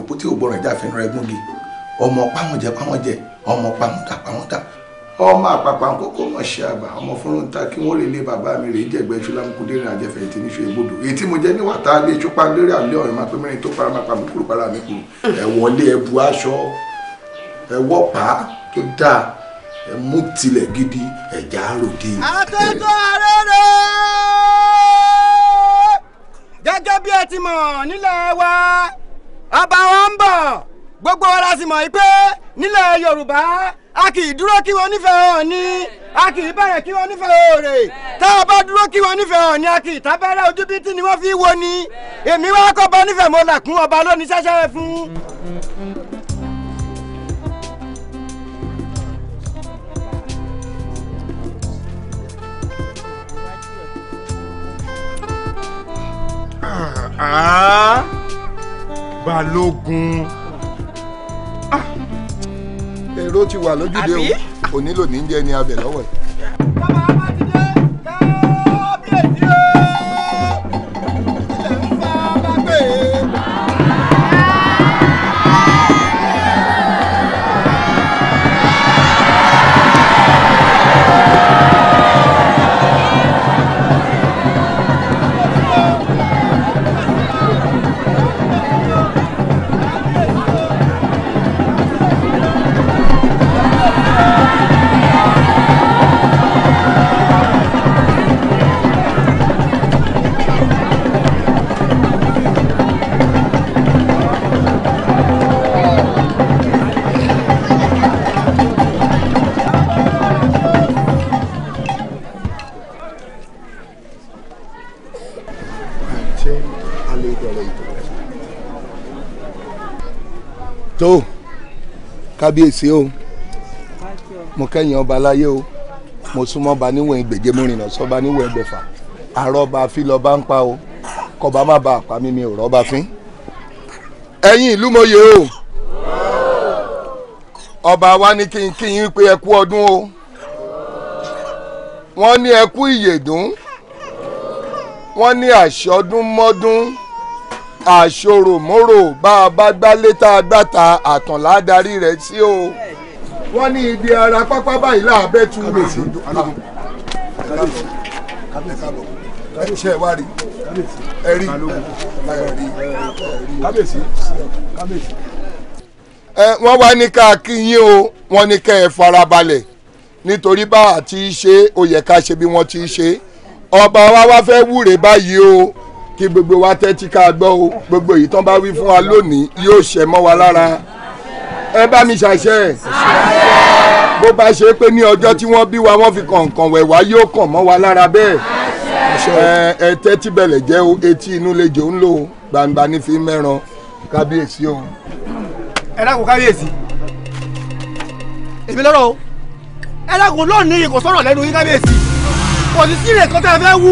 òpó ọmọ páwọn jẹ páwọn jẹ ọmọ páwọn ta páwọn ta ọmọ àpapà kókó mọ̀ ṣe àgbà ọmọ fúnrún ta kí wọ́n lè lé bàbá mi rèé jẹ̀gbẹ́ ṣúlámùkúdé rìn àjẹfẹ̀ ètí níṣu egbodò ètí mo jẹ́ níwà tá a lè ṣúpa lórí àlẹ́ ọ̀rẹ́ máa pé mẹ́rin tó para máa pa mí kúrò para mi kúrò ẹ wọlé ẹ aṣọ ẹ wọ́pá tó dáa ẹ mú tilẹ̀ gidi ẹ̀já ròde. àtẹ̀tọ̀ àrẹ́rẹ́ gẹ́gẹ́ bí ẹ ti mọ̀ nílẹ̀ wa ọba wọn ń bọ̀ gbogbo wa sì mọ̀ yìí pé nílẹ̀ yorùbá a kì í dúró kí wọn nífẹ̀ẹ́ Ọọ̀ni a kì í bẹ̀rẹ̀ kí wọn nífẹ̀ẹ́ Oòrè tá a bá dúró kí wọn nífẹ̀ẹ́ Ọọ̀ni a kì í tábẹ́rẹ́ ojú bítí ni wọ́n fi wo ni èmi wá kọ́ bá nífẹ̀ẹ́ mo là kún ọba lónìí ṣẹ́ṣẹ́ fún. Ah, Balógun. Ah. èrò ti wà lójúde o kò nílò níjẹ ni abẹ lọ́wọ́ ẹ. kábíyèsí o mo kẹ́yìn ọba láyé o mo súnmọ́ ba níwọ̀n ìgbèje mo rìnà sọ́ba níwọ̀n ẹgbẹ̀fà àrọ́ba fílọ́ba ń pa o kọba má ba àpá mi mi ò rọ́ba fín ẹ̀yin ìlú mòye o ọba wa ní kí n kí yín pé ẹ kú ọdún o wọ́n ní ẹ kú ìyèdún wọ́n ní àṣọdún mọ́dún àṣoròmọ́rò bá a bá gbá létà gbàtà àtànlá darí rẹ̀ sí o wọ́n ní ibi ara pápá báyìí láàbẹ̀ tún lò ṣe wá rí ẹ̀rí kábíyèsí kábíyèsí. wọ́n wá ní ká kí yín o wọ́n ní kẹ́ ẹ farabalẹ̀ nítorí bá a ti ṣe ó yẹ ká ṣe bí wọ́n ti ṣe ọba wa wá fẹ́ wúre báyìí o kí gbogbo wa tẹ́tí ká gbọ́ o gbogbo èyí tán bá wí fún wa lónìí yóò ṣẹ mọ́ wa lára ẹ bá mi ṣàṣẹ bó bá ṣe pé ní ọjọ́ tí wọ́n bí wa wọ́n fi kọ̀ǹkọ̀ǹ wẹ̀ wá yóò kàn mọ́ wa lára bẹ́ẹ̀ ẹ tẹ́tí bẹ̀lẹ̀ jẹ́ o etí inú lejò ń lò gbangba ní fi mẹ́ran kábíyèsí o. ẹ dákun kábíyèsí èmi lọ́rọ̀ o ẹ dákun lónìí kò sọ̀rọ̀ lẹ́nu yín kábíyèsí kò sí sí ìrẹ̀kọ́ tẹ́ ẹ fẹ́ wú.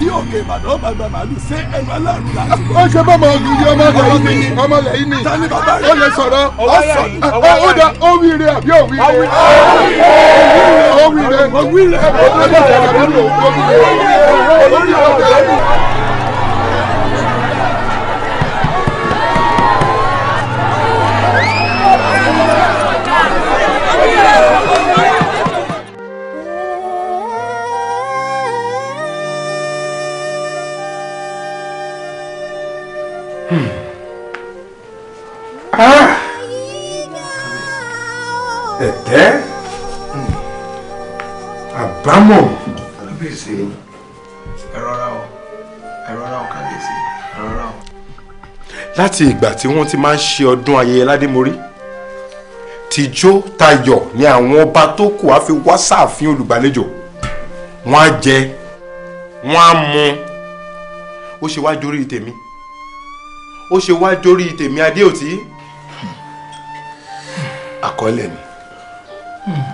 bí òkè ìbàdàn bá gba màálù ṣé ẹnu aláàrú la. ó ṣe bá ọmọ ọdún yìí ọmọ ọdún yìí ni ọmọ ọdún yìí ni ó lè sọ̀rọ̀ ó dà ó wí rẹ àbí ó wí rẹ ó wí rẹ ó wí rẹ ó wí rẹ ó wí rẹ ó wí rẹ. àmọ́ kábíyèsí ẹ̀rọra o ẹ̀rọra o kábíyèsí ẹ̀rọra o. láti ìgbà tí wọ́n ti máa ń ṣe ọdún ayẹyẹ ládémorí tìjó tayọ̀ ni àwọn ọba tó kù á fi wá sáàfin olùgbàlejò wọ́n á jẹ wọ́n á mu ó ṣe wá jórí tèmi ó ṣe wá jórí tèmi adéòtí àkọọ́lẹ̀ ni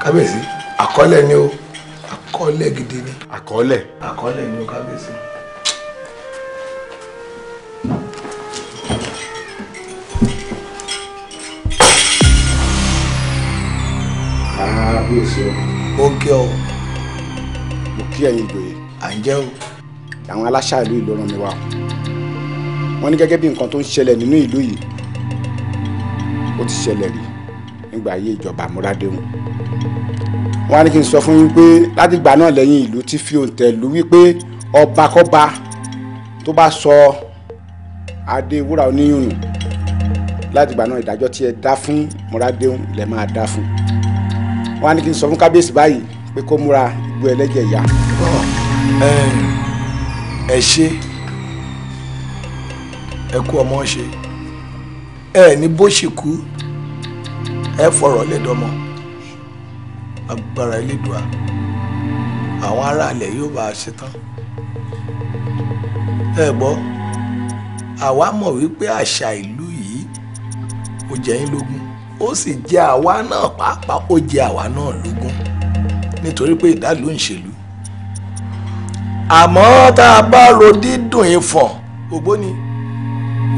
kábíyèsí àkọọ́lẹ̀ ni o. Hmm àkọọ́lẹ̀ gidi ni. àkọọ́lẹ̀. àkọọ́lẹ̀ ni o kábíyèsí. kábíyèsí o. ó kí ọ. mo kí ẹ̀yin ìjòyè. à ń jẹ́ o. àwọn aláṣà ìlú ìlú ràn mí wá wọ́n ní gẹ́gẹ́ bí nǹkan tó ń ṣẹlẹ̀ nínú ìlú yìí ó ti ṣẹlẹ̀ rí nígbà ayé ìjọba àmúradéhùn wọ́n á ní kí n sọ fún yín pé látìgbà náà lẹ́yìn ìlú ti fi òǹtẹ̀ lù wípé ọbakọ́ba tó bá sọ adé wúrà oníyùn látìgbà náà ìdájọ́ tí ẹ dá fún múradéhùn lẹ máa dá fún wọ́n á ní kí n sọ fún kábíyèsí báyìí pé kó múra igbó ẹlẹ́jẹ̀ ìyá. ẹ ṣe ẹ kú ọmọ ṣe ẹ ní bó ṣe kú ẹ fọ̀rọ̀ lẹ́dọ̀mọ́ agbára elédùá àwọn aráàlẹ̀ yóò bá a ṣe tán ẹ gbọ́ àwa mọ̀ wípé àṣà ìlú yìí ó jẹ yín lógún ó sì jẹ àwa náà pàápàá ó jẹ àwa náà lógún nítorí pé ìdálò ń ṣèlú àmọ́ tá a bá ro dídùn ìfọ̀n ògbóni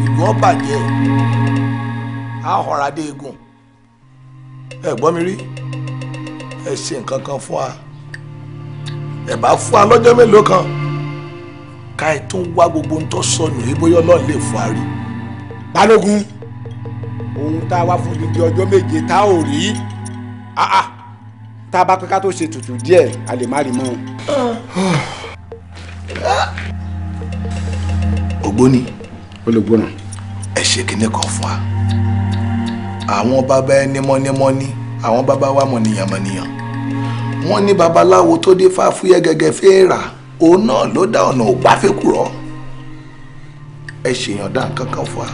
ìlú ó bàjẹ́ a họra dé egun ẹ gbọ́ mi rí ẹ ṣe nǹkan kan fún wa ẹ bá fún wa lọ́jọ́ mélòó kan ká ẹ tún wá gbogbo ohun tó sọnù yìí bóyá ọlọ́run lè fún wa rí. balógun ohun tá a wá fún di ọjọ́ méje tá ò rí ah, ah, tá a bá pẹ́ ká tó ṣe tutù díẹ̀ a lè má rí mọ́. ògbóni olùgbóná ẹ ṣe kinní kan fún wa àwọn bàbá ẹni mọ́nímọ́ní. Moni àwọn bàbá wa mọ̀nìyàn mọ̀nìyàn wọ́n ní babaláwo tó dé fáfúyẹ́ gẹ́gẹ́ fẹ́ rà òun náà ló dá ọ̀nà ògbà fẹ́kùrọ́ ẹ ṣèyàn dá nǹkan kan fún wa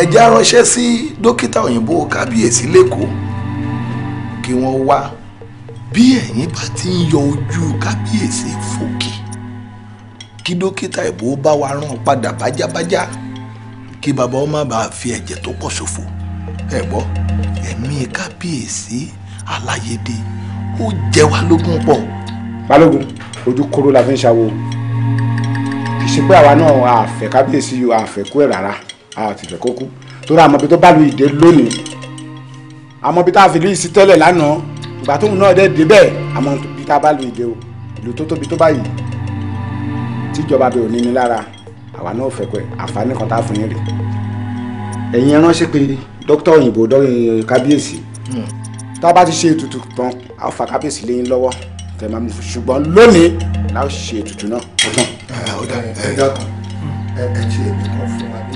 ẹ já ránṣẹ́ sí dókítà òyìnbó kábíyèsí lẹ́kọ̀ọ́ kí wọ́n wá bí ẹ̀yin bá ti ń yọ ojú kábíyèsí fòkè kí dókítà ìbò bá wa rán padà bájábájá kí bàbá ó má bàa fi ẹ̀jẹ̀ tó pọ̀ ṣòfò ẹ gbọ́ ẹ̀mí kábíyèsí aláyédè ó jẹ wá lógún pọ̀. balógun ojú kóró la fi ń ṣàwo kì í ṣe pé àwa náà a fẹ́ kábíyèsí yìí a fẹ́ kú ẹ̀ rárá a ti fẹ́ kó kú torí àmọ́ bí tó bá lu ìdè lónìí àmọ́ bí tá a fi lè sí tẹ́lẹ̀ lánàá ìgbà tóun náà dé débẹ̀ àmọ́ bí tá a bá lu ìdè o ìlú tó tóbi tó báyìí tíjọba bẹ ò ní lára àwa náà fẹ́ pẹ́ àǹfààní kan tá a fún yín rè ẹ̀yin ẹran ṣe pé dókítà òyìnbó dọ́rin kábíyèsí hmm. tá a bá ti ṣe ètùtù tán a ó fa kábíyèsí lẹ́yìn lọ́wọ́ tẹ̀ máa mú ṣùgbọ́n lónìí la ó ṣe ètùtù náà. Ah, ẹ dákun ẹ ṣe ètò kan fún wa ní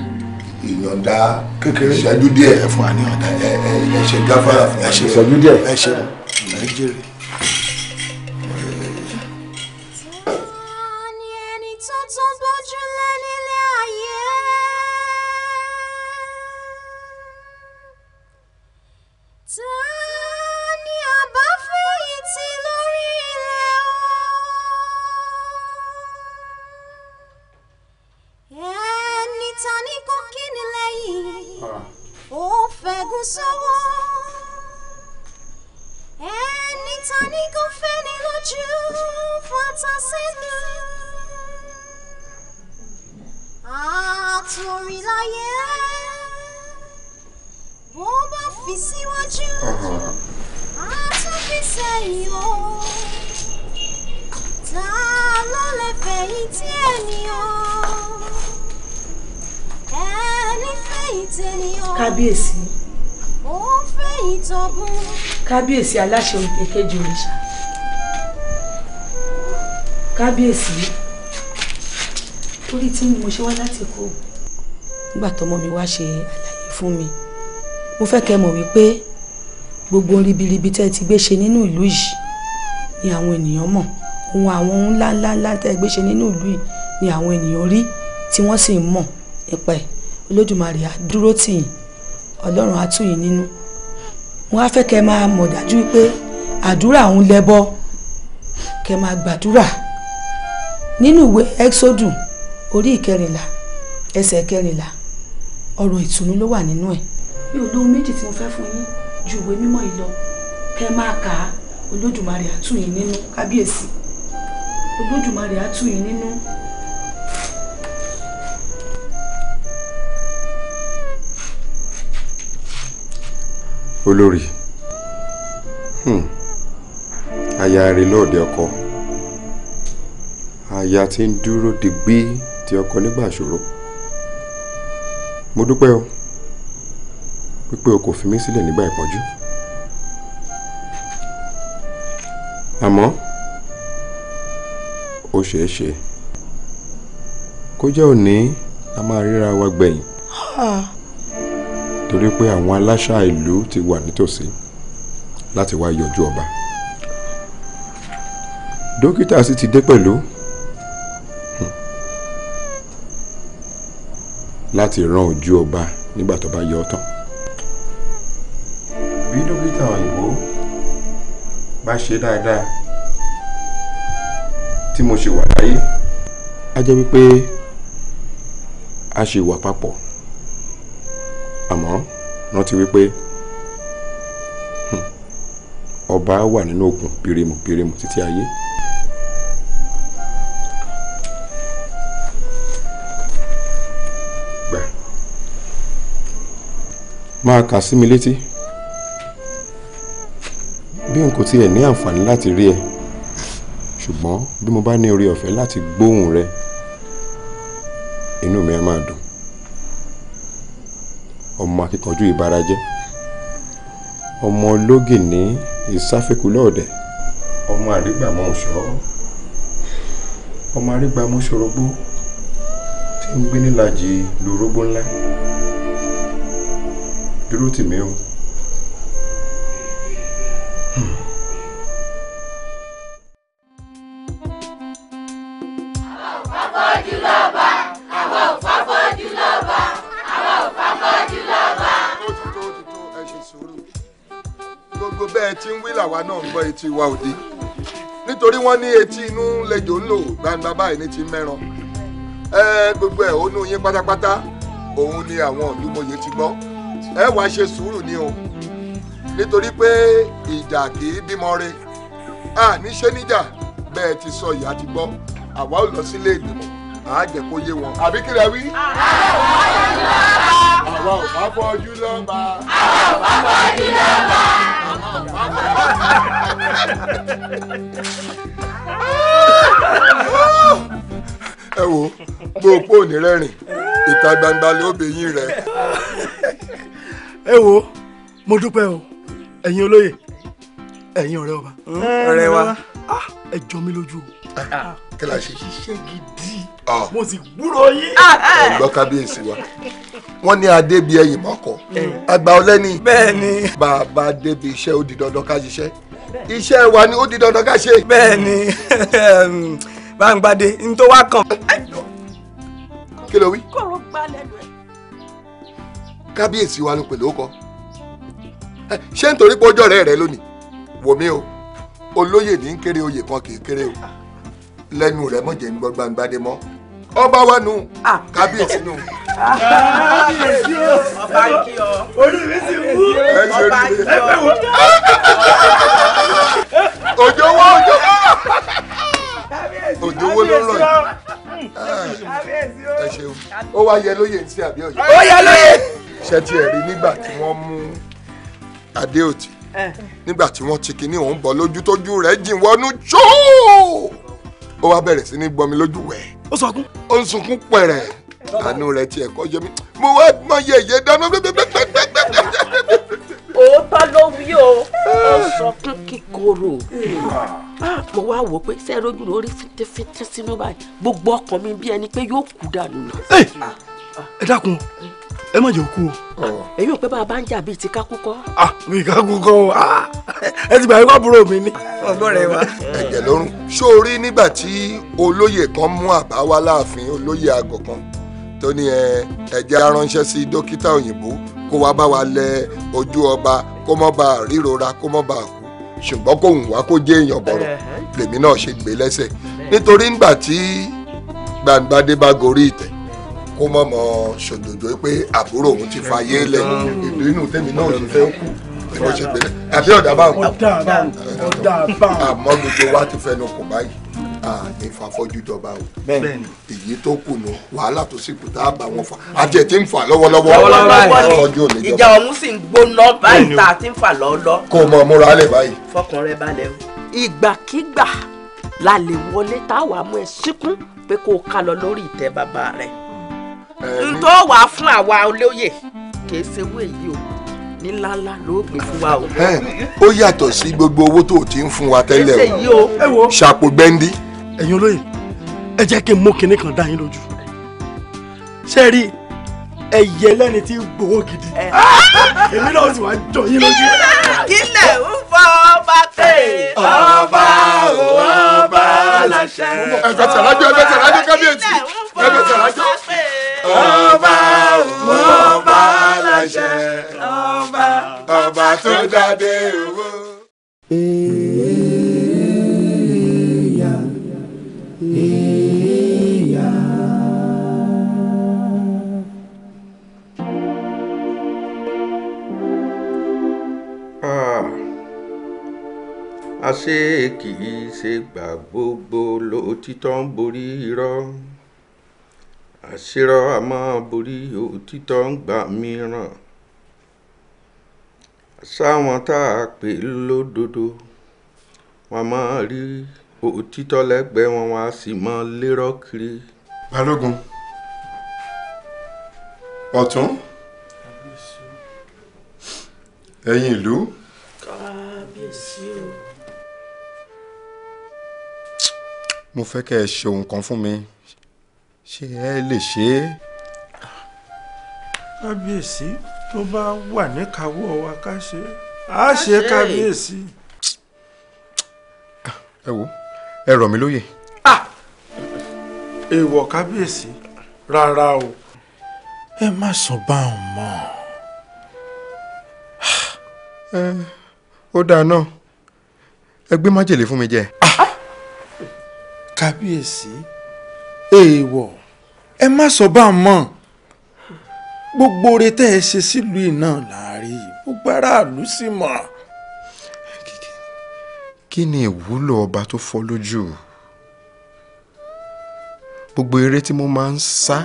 ìyọ̀ǹda kékeré ìṣẹ́jú díẹ̀ ẹ fún wa ní ìyọ̀ǹda ẹ ṣe gáfárà fún wa ẹ ìṣẹ́jú díẹ̀ ẹ ṣe ẹ kábíyèsí aláṣẹ òkè kejì òrìṣà kábíyèsí orí tí mo ṣe wá láti kó. nígbà tọmọ mi wá ṣe àlàyé fún mi mo fẹ́ kẹ́ mọ̀ wípé gbogbo ribiribi tẹ́ ẹ ti gbé ṣe nínú ìlú yìí ni àwọn ènìyàn mọ̀ ohun àwọn ohun ńláńláńlá tẹ́ ẹ gbé ṣe nínú ìlú yìí ni àwọn ènìyàn rí tí wọ́n sì ń mọ̀ nípa ẹ̀ olódùmarè á tì yín ọlọ́run á tù yín nínú wọ́n á fẹ́ kẹ́ máa mọ̀ dájú pé àdúrà òun lẹ́bọ kẹ́ máa gbàdúrà nínú ìwé exodus orí ìkẹrìnlá ẹsẹ̀ kẹrìnlá ọ̀rọ̀ ìtùnú ló wà nínú ẹ̀. mi ò lóhun méjì tí mo fẹ́ fún yín ju ìwé mímọ́ yìí lọ kẹ́ máa kà á olódùmarè á nínú kábíyèsí olódùmarè á nínú. olórí hmm. aya rẹ̀ lóde ọkọ aya tí ń dúró digbí ti ọkọ nígbà ìṣòro mo dúpẹ́ o wípé o kò fi mí sílẹ̀ nígbà ìpọ́njú àmọ́ ó ṣeé ṣe kó jẹ́ òní a máa ríra wa gbẹ̀yìn. Ah torí pé àwọn aláṣà ìlú ti wà nítòsí láti wá yọjú ọba dókítà sì ti dé pẹ̀lú hmm, láti ran ojú ọba nígbà tó bá yọ ọ tán bí dókítà òyìnbó bá ṣe dáadáa tí mo ṣì wà láyé á jẹ́ wípé a ṣì wà papọ̀ rántí wípé hmm, ọba wà nínú òkun pirimu pirimu títí ayé. máa kà sí mi létí bí n kò tiẹ̀ ní àǹfààní láti rí ẹ ṣùgbọ́n bí mo bá ní oore ọ̀fẹ́ láti gbóhùn rẹ inú mi á máa dùn akíkanjú ìbarajẹ́ ọmọ ológì ní ìsáfẹ́kulẹ̀ ọ̀dẹ̀ ọmọ àrígbàmọ̀ òṣọ́ ọmọ àrígbàmọ̀ ṣòrogbó tí ń gbé nílàjì lórógbó ńlá dúró tì mí o. gbangba báyìí ní ti mẹ́ran ẹ gbogbo ẹ̀ ó nú yín pátápátá òun ni àwọn ìlúmọ̀yé ti gbọ́ ẹ wàá ṣe sùúrù ni o nítorí pé ìjà kì í bímọ re a níṣe níjà bẹ́ẹ̀ ti sọ ìyá ti gbọ́ àwa ò lọ sílé ìgbìmọ̀ àá jẹ́ kó yé wọn àbí kí lẹ wí. àwa ò bá fọjú lọ́ba. àwa ò bá fọjú lọ́ba. àwa ò bá fọjú lọ́ba. ẹ wo bó o rẹ́rìn ìta gbangba ló bẹ̀yìn rẹ. ẹ wo mo dúpẹ́ o ẹ̀yin olóye ẹ̀yin ọ̀rẹ́ ọba. ọ̀rẹ́ wa ah, ẹ jọ mí lójú o. Ah, ah, kí la ṣe. ṣiṣẹ́ gidi mo sì gbúròó yín. ẹ gbọ́ kábíyèsí wa wọ́n ní adé bíi ẹyìn mọ́kọ̀ àgbà ọlẹ́ni bẹ́ẹ̀ni bàbá débi iṣẹ́ ó di dandan ká ṣiṣẹ́ iṣẹ́ wa ni ó di dandan ká ṣe. bẹ́ẹ̀ni Bángbádé n tó wá kàn. kí ló wí. kọ̀rọ̀ gba lẹ́nu ẹ̀. kábíyèsí wa ló pèlè ó kọ ṣé nítorí pé ojú ọ̀rẹ́ rẹ lónìí wò mí o olóyè ní kéré oyè kan kì í kéré o lẹ́nu rẹ̀ mọ̀jẹ̀ ń gbọ́ Bángbádé mọ́ ọba wa nù ah. kábíyèsí nù. kábíyèsí o ọba kí ọ orí mi ti wú ọba kí ọ. òjò wọ òjò wọ òjò owó ló ń rọ yìí ẹ ṣeun ó wá yẹ lóye ní sí àbí òye. ó yẹ lóye. iṣẹ́ tí ẹ̀ rí nígbà tí wọ́n mú Adéòtí eh. nígbà tí wọ́n ti kíní òun bọ̀ lójú tójú rẹ̀ jìn wọnú ṣóò ó wá bẹ̀rẹ̀ sí ní gbọmi lójú wẹ̀. ó sọkún. ó ń sunkún pẹ̀rẹ̀ àánú rẹ̀ tiẹ̀ kọ́ yẹmi mo wá mọ yẹ̀yẹ́ dáná pẹ́pẹ́pẹ́pẹ́pẹ́ òótọ́ ló wí o ó ah. sọkún kíkorò hmm. ah, mo wá wò pé sẹ́ẹ̀ lójú lórí fitifiti sínú báyìí gbogbo ọkàn mi bí ẹni pé yóò kú dànù lọ. Eh! ẹ dákun ẹ má jẹ́ òkú o. èyí ò pé bàbá ń jà bíi ti kákú kọ́. Ah, mi kákú kọ́ o ẹ ti gbà wípé àbúrò mi ni ọlọ́rẹ̀ wa. ẹ̀jẹ̀ lọ́rùn ṣó o rí nígbà tí olóyè kan mú àbá wá láàfin olóyè àgọ̀ kan tó ní ẹ ẹ̀jẹ̀ aránṣẹ́ sí dókítà òyìnbó kó wá bá wa lẹ ojú ọba kó mọ́ bá rírora kó mọ́ bá kú ṣùgbọ́n kó hùn wá kó jẹ́ èèyàn bọ̀rọ̀ lèmi náà ṣe gbé lẹ́sẹ̀ nítorí ńgbà tí Gbangbadé bá gorí ìtẹ́ kó mọ̀ mọ́ ṣòdòdò pé àbúrò òun ti fa ayé lẹ̀ ìlú inú tèmi náà ti fẹ́ kú bí mo ṣe gbé lẹ̀ àbí ọ̀dà báwọn àmọ́ gbogbo wa ti fẹnu kò báyìí àní ah, fàfọ́jú jọba o èyí tó kù nù wàhálà tó sì kù tá a bá wọn fà á jẹ tí ń fà lọ́wọ́lọ́wọ́ ọjọ́ òní jọba. ìjà ọ̀hún sì ń gbóná báyìí tá a ti ń fà lọ́ọ́lọ́. kó o mọ múra lẹ̀ báyìí. fọkàn rẹ balẹ̀ o. ìgbàkigbà la lè wọlé tá a wà mú ẹ síkún pé kó o ká lọ lórí ìtẹ́ bàbá rẹ. n tó wà fún àwa olóyè kì í ṣe owó èyí o ní ńláńlá ló pè fún wa o. ó yàtọ̀ sí gbogbo owó tó o ti ń fún wa tẹ́lẹ̀ o ṣàpò gbẹ́ndí ẹ̀yin olóyè ẹ jẹ́ kí n mú kinní kan dá yín lójú ṣé rí ẹyẹ lẹ́ni tí ń gbowó gidi èmi náà sì wá jọ yín lójú. kílẹ̀ ń fọ ọba pé ọba ò ọba láṣẹ. ẹ fẹsẹ̀ rájọ ẹ fẹsẹ̀ rájọ kábíyèsí ẹ fẹsẹ̀ rájọ. ọba ò ọba láṣẹ ọba ọba tó dáadé o. ṣègbà gbogbo lòtítọ́ ń borí irọ́ àṣírọ́ a máa borí òtítọ́ ń gbà mìíràn sáwọn tá a pè lódodo wọn máa rí òtítọ́ lẹ́gbẹ̀ẹ́ wọn wá sì máa lérọ́ kiri. balógun ọ̀tún ẹ̀yìn ìlú. kábíyèsí o. mo fẹ́ kẹ́ ẹ ṣe ohun kan fún mi ṣé ẹ lè ṣe é. kábíyèsí tó bá wà níkàáwọ́ wa ká ṣe á ṣe kábíyèsí. ẹ wo ẹ rọ̀ mí lóyè. Ah! èèwọ̀ kábíyèsí rárá o. ẹ má sọ báwọn mọ́. Ah! ẹ ó dáa náà ẹ gbé májèlé fún mi jẹ. Ah! kábíyèsí èèwọ̀ ẹ má sọ bá a mọ̀ gbogbo oore tẹ́ ẹ ṣe sílùú iná láàrin gbogbo aráàlú sì mọ̀. kí ni ìwúlò ọba tó fọ́ lójú gbogbo eré tí mo máa ń sá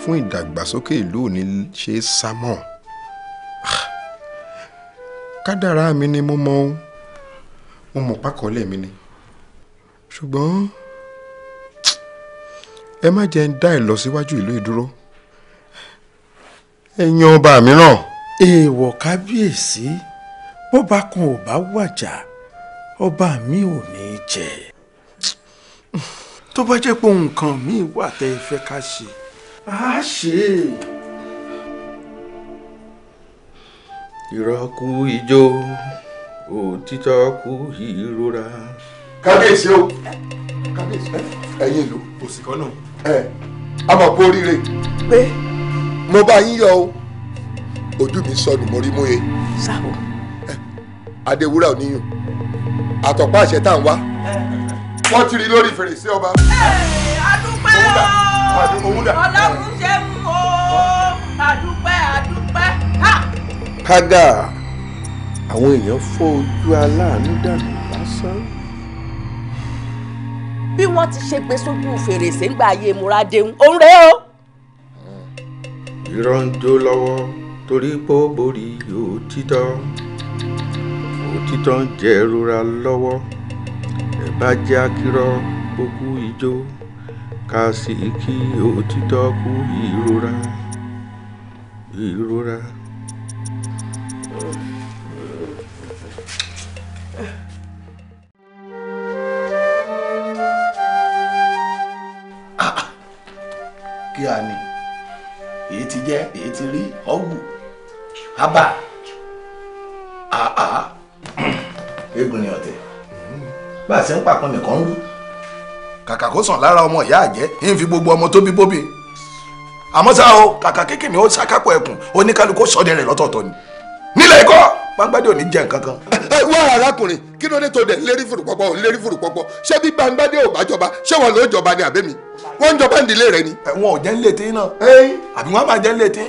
fún ìdàgbàsókè ìlú ò ní ṣe é sá mọ́ kádàrá mi ni mo mọ̀ o mo mọ̀ pákọ́lẹ̀ mi ni ṣùgbọ́n ẹ má jẹ́ ń dá ìlọsíwájú ìlú ìdúró ẹ̀yin ọba mìíràn. èèwọ̀ kábíyèsí bọ́ba kan ò bá wàjà ọba mi ò ní í jẹ tó bá jẹ́ pé nǹkan mi wà tẹ́ ẹ fẹ́ ká ṣe á ṣe é. irọ́ òtítọ́ kú ìrora. kábíyèsí o kábíyèsí ẹ̀yin ìlú kò sì náà ẹ a máa kú oríire. pé. mo bá yín yọ o ojú mi sọnù mo rí múye. sáwọ. adéwúrà oníyùn àtọ̀pá àṣẹ tá à ń wá wọ́n ti rí lórí fèrèsé ọba. adúpẹ́ o ọlọ́run ṣeun o adúpẹ́ adúpẹ́. kádà àwọn èèyàn fọ́ ojú aláàánú dànù lásán bí wọ́n ti ṣe gbé sójú fèrèsé ńgbà ayé múradéhùn òun rèé o. irọ́ ń jó lọ́wọ́ torí pé ó borí òtítọ́ òtítọ́ ń jẹ́ ìrora lọ́wọ́ ẹ bá jẹ́ akírọ́ kókú ijó ká sì kí òtítọ́ kú ìrora ìrora. kí a ní èyí ti jẹ́ èyí ti rí ọ̀wù abà àá egbìn ni bá a ṣe ń pàkún nìkan ń wú. kàkà kó sàn lára ọmọ ìyá àjẹ́ ń fi gbogbo ọmọ tó bí bóbi àmọ́ ṣá o kàkà kékeré ni ó ṣàkápọ̀ ẹkùn oníkálukú sọ́dẹ̀ rẹ̀ lọ́tọ̀ọ̀tọ̀ ni nílẹ̀ ikọ́ gbangbadé ò ní jẹ nǹkan kan. ẹ wá arákùnrin kí ló dé tó dẹ̀ lérí fòrùpọ̀pọ̀ lérí fòrùpọ̀pọ̀ ṣé bí gbangbadé ò bá jọba ṣé wọn ló jọba ni àbẹ́mi wọ́n ń jọba ìdílé rẹ ni. wọn ò jẹ́ ń létí náà àbí wọ́n máa jẹ́ ń létí.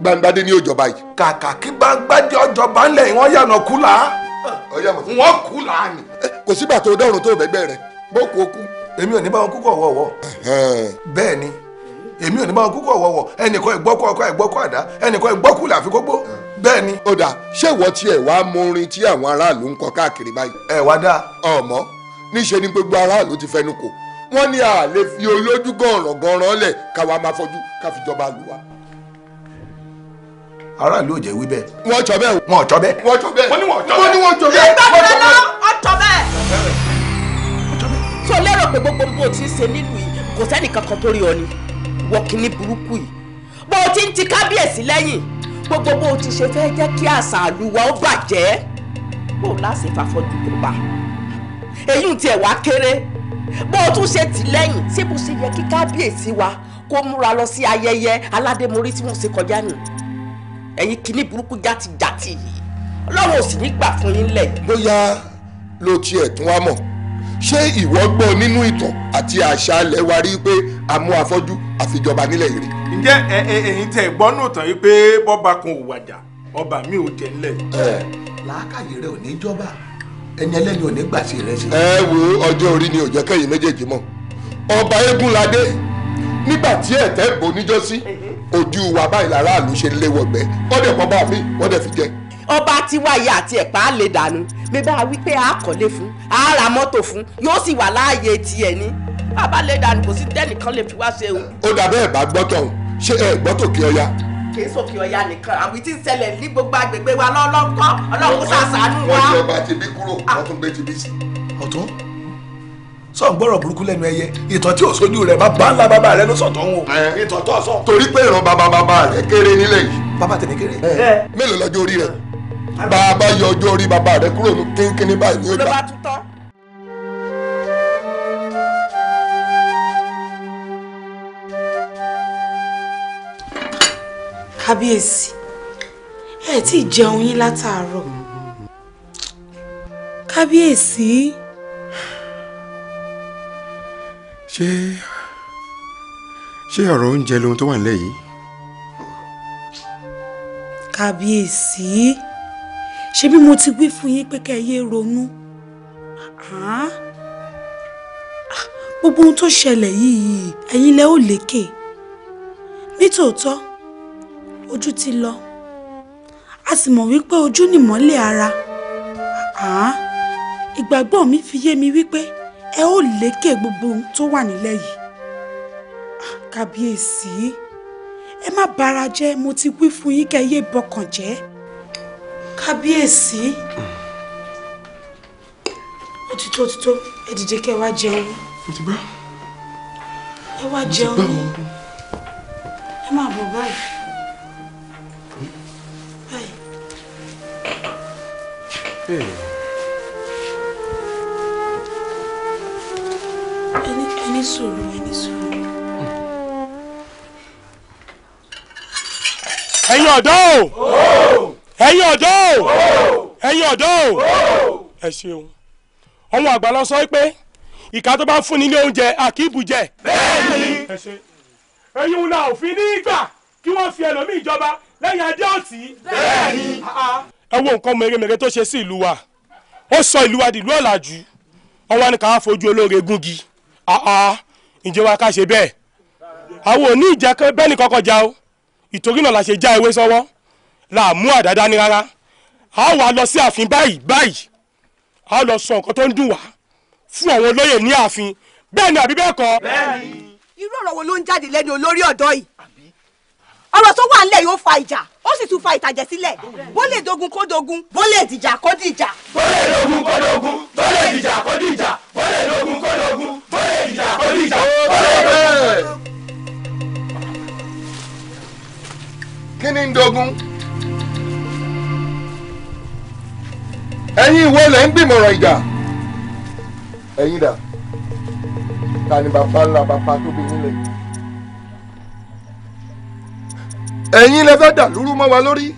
gbangbadé ni ó jọba yìí. kàkà kí gbangbadé ọjọba ńlẹ̀ wọ́n yànnà kúlà wọ́n kúlà ni. kò sígbà tó dọ̀rùn tó bẹ́gbẹ́ rẹ bó kú okú. èmi ò ní bá wọn kúkọ̀ wọ̀wọ̀ bẹ́ẹ̀ ni èmi ò ní bá wọn kúkọ̀ wọ̀wọ̀ ẹnìkan ìgbọ́kọ̀ ọkọ̀ ìgbọ́kọ̀ àdá ẹnìkan ìgbọ́kù làfikógbó bẹ́ẹ̀ ni ó dà ṣé ìwọ tiẹ̀ wá mọ orin tí àwọn aráàlú ń kọ káàkiri báyìí. ẹ wá dáa. ọmọ níṣe ni gbogbo aráàlú ti fẹnu kò wọ́n ní a lè fi olójú gànràn gànràn lẹ̀ káwa máa fọjú ká fi jọba lù wá. aráàlú ò jẹ́ wí bẹ́ẹ̀. wọ́n jọ bẹ́ẹ̀. wọ́n jọ bẹ́ẹ̀. wọ́n jọ bẹ́ẹ̀. wọ́n ní wọ́n jọ bẹ́ẹ̀. wọ́n ní wọ́n jọ bẹ́ẹ̀. ìgbàgbọ́ bẹ́ẹ̀. tó lérò pé gbogbo ni wọ́n kìíní burúkú yìí bó ti ń ti gbogbo bó o ti ṣe fẹ́ jẹ́ kí àṣà àlùwà ó bàjẹ́ bó o láṣẹ fàfọ́jú tó bá èyí tiẹ̀ wá kéré bó o tún ṣe tì lẹ́yìn ṣé bó ṣe yẹ kí kábíyèsí wa kó múra lọ sí ayẹyẹ aládémorí tí wọ́n ṣe kọjá nù ẹ̀yin kìíní burúkú játijàti yìí ọlọ́run ò sì ní gbà fún yín lẹ̀. bóyá ló tiẹ̀ tún wá mọ̀ ṣé ìwọ gbọ́ nínú ìtàn àti àṣà alẹ̀ wa rí pé àmú afọ́jú àfijọba nílẹ̀ yìí rí. ǹjẹ́ ẹ̀yin tẹ̀ gbọ́ nù tán yìí pé bọ́ba kan ò wàjà ọba mi ò jẹ nílẹ̀. làákàyè rẹ ò ní jọba ẹni ẹlẹ́ni ò ní gbàṣẹ rẹ sí. ẹ wo ọjọ́ orí ni òjọ́ kẹ́yìn méjèèjì mọ̀ ọba Eégúnládé nígbà tí ẹ̀tẹ́ bò níjọ́sí ojú wa báyìí làráàlú ṣe léwọ̀gbẹ́ wọ́n dẹ̀ pọ́ bá a fi wọ́n dẹ̀ fi jẹ́ ọba tiwa yìí àti ẹ̀pá lè dànù bébà wípé a kọ́lé fún a ra mọ́tò fún yóò sì wà láàyè tiẹ̀ ni bàbá lè dànù kò sí tẹ́nìkan lè fi wá ṣe o. ó dàbẹ́ ẹ̀ bá gbọ́tọ̀ ṣé ẹ gbọ́tọ̀ kí ọya kìí sókè ọ̀yà nìkan àwọn tí ń ṣẹlẹ̀ ní gbogbo agbègbè wa lọ́lọ́kọ́ ọlọ́run ṣàṣàánú wa. wọ́n ti ọba ti bí kúrò ah. wọ́n tún gbé ti bí sí. ọ̀tún sọ ń gbọ́rọ̀ burúkú lẹ́nu ẹyẹ ìtàn tí ò sójú rẹ̀ bá bá ńlá bàbá rẹ̀ ló sọ̀tọ̀ ń wò. ìtàn tó sọ. torí pé ìran bàbá bàbá rẹ̀ kéré nílẹ̀ yìí. bàbá tẹ̀lé kéré. mélòó lọ́jọ́ orí rẹ̀ bá a bá yọ ọjọ́ orí bàbá rẹ kúrò ní kínkínní báyìí ní ọjà. kábíyèsí ẹ tí ì jẹun yín látàárọ̀ kábíyèsí. ṣé ṣé ọ̀rọ̀ oúnjẹ lohun tó wà nílẹ̀ yìí. kábíyèsí ṣé bí mo ti wí fún yín pé kẹ́ ẹ yé ronú gbogbo ohun tó ṣẹlẹ̀ yìí ẹ̀yin lẹ ò lékè nítòótọ́ ojú ti lọ a sì mọ̀ wípé ojú nìmọ́lẹ̀ ara ìgbàgbọ́ mi fi yé mi wípé ẹ ò lékè gbogbo ohun tó wà nílẹ̀ yìí kábíyèsí ẹ má bára jẹ́ mo ti wí fún yín kẹ́ bọkàn jẹ́ kábíyèsí ó ti tó ti tó ẹ dìde kẹ́ wá jẹun ẹ wá jẹun ẹ má bọ̀ báyìí. ẹni ẹni sùúrù ẹni sùúrù. ẹ̀yin ọ̀dọ́ o. ẹ̀yin ọ̀dọ́ o ẹ̀yin ọ̀dọ́ o ẹ ṣeun ọmọ àgbà lọ sọ pé ìka tó bá fún ni oúnjẹ àkìbù jẹ. bẹ́ẹ̀ni ẹ̀yin la òfin ní ìgbà kí wọ́n fi ẹlòmíì jọba lẹ́yìn adé ọ̀tí. bẹ́ẹ̀ni. ẹ wo nǹkan mèremère tó sọ ìlú wa di ìlú ọ̀làjú wọn wá ní ká fojú olóore gúngi ǹjẹ́ wa ká ṣe bẹ́ẹ̀ o náà la la mú àdáda ní rárá a wà lọ sí ààfin báyìí báyìí a lọ sọ nǹkan tó ń dùn wá fún àwọn olóyè ní ààfin bẹ́ẹ̀ ni àbí bẹ́ẹ̀ kọ́. irú ọ̀rọ̀ wo ló ń jáde lẹ́nu olórí ọ̀dọ́ yìí ọ̀rọ̀ tó wà nílẹ̀ yóò fa ìjà ó sì tún fa ìtàjẹ̀ sílẹ̀ bó dogun kó dogun bó dìjà kó dìjà. bó dogun kó dogun bó dìjà kó dìjà bó dogun kó dogun bó dìjà kó dìjà bó dogun kó dogun. kí ni ń dogun. ẹ̀yin ìwọ lẹ̀ ń gbìmọ̀ràn ìjà ẹ̀yin dà ta ni bàbá ńlá bàbá tó bí nílẹ̀ ẹ̀yin lẹ fẹ́ dà lúrú mọ́ wa lórí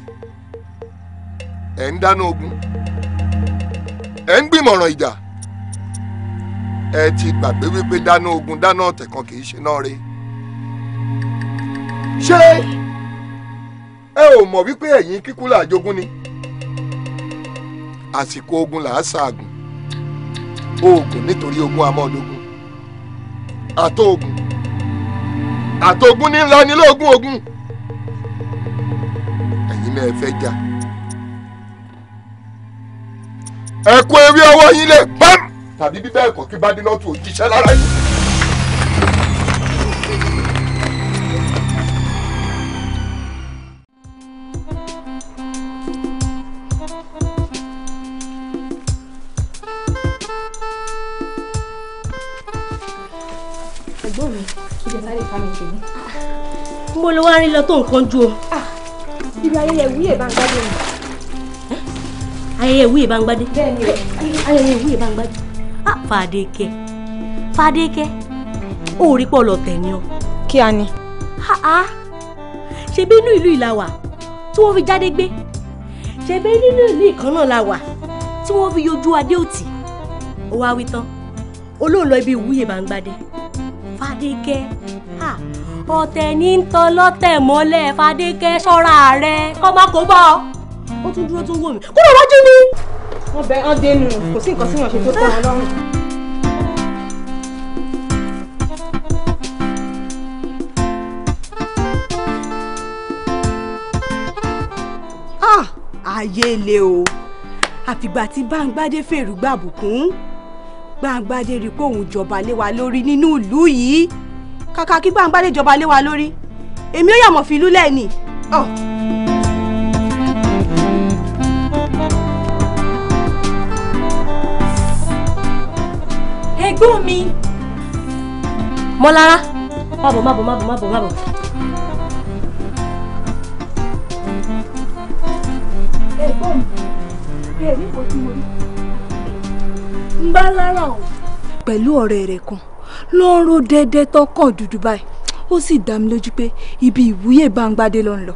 ẹ̀ ń dáná ogun ẹ̀ ń gbìmọ̀ràn ìjà ẹ ti gbàgbé wípé dáná ogun dáná ọ̀tẹ̀ kan kì í ṣe náà re ṣé ẹ ò mọ̀ wípé ẹ̀yin kíkú làjogún ni àsìkò ogun là á ṣaàgùn oògùn nítorí ogun amọ́dógún àtòògùn àtòògùn ní ńlá nílé ogun ogun ẹ̀yin náà fẹ́ jà ẹ kó ewé ọwọ́ yín lè pẹ́m tàbí bíbẹ́ ẹ̀kọ́ kí bá dín lọ́tù òjíṣẹ́ lára yín. wá rí lọ tó nǹkan ju o. Ah, ibi ayẹyẹ ìwúyè bá ń gbádùn mi. ayẹyẹ ìwúyè bá ń gbádùn. bẹ́ẹ̀ni o ayẹyẹ ìwúyè bá ń ah, fàdékẹ fàdékẹ ó rí pọ̀ lọ o. kí a ni. ṣebí inú ìlú ìlà wà tí wọ́n fi jáde gbé ṣebí nínú ìlú ìkan náà la wà tí wọ́n fi yọjú adé òtí ó wá wí tán olóòlọ ibi ìwúyè bá ń gbádùn ọ̀tẹ̀ ní ń tan lọ́tẹ̀ mọ́lẹ̀ fadékẹ́ ṣọ́ra rẹ kọ́ má kó bọ́ ó tún dúró tún wò mí kúrò wájú mi. wọn bẹ ọ dénú kò sí nǹkan tí wọn ṣe tó tẹ wọn lọ́rùn. Ah, ayé le o àfìgbà tí Báńgbádé fèrú gbàbùkún Báńgbádé rí i pé òun jọba lé wa lórí nínú ìlú yìí kàkà kí gbàǹgbà lè jọba lé wa lórí èmi ó yàmọ̀ fìlú lẹ́ẹ̀ni. Oh. ẹ̀gbọ́n mi. mọ́lára má bọ̀ má bọ̀ má ẹ̀gbọ́n mi ẹ̀rí kò mo rí. ń bá lára o. pẹ̀lú ọ̀rẹ́ rẹ̀ kan. ló ń ro dẹ́dẹ́ tọkàn dúdú báyìí ó sì dá mi lójú pé ibi ìwúyè gbangbadé ló ń lọ.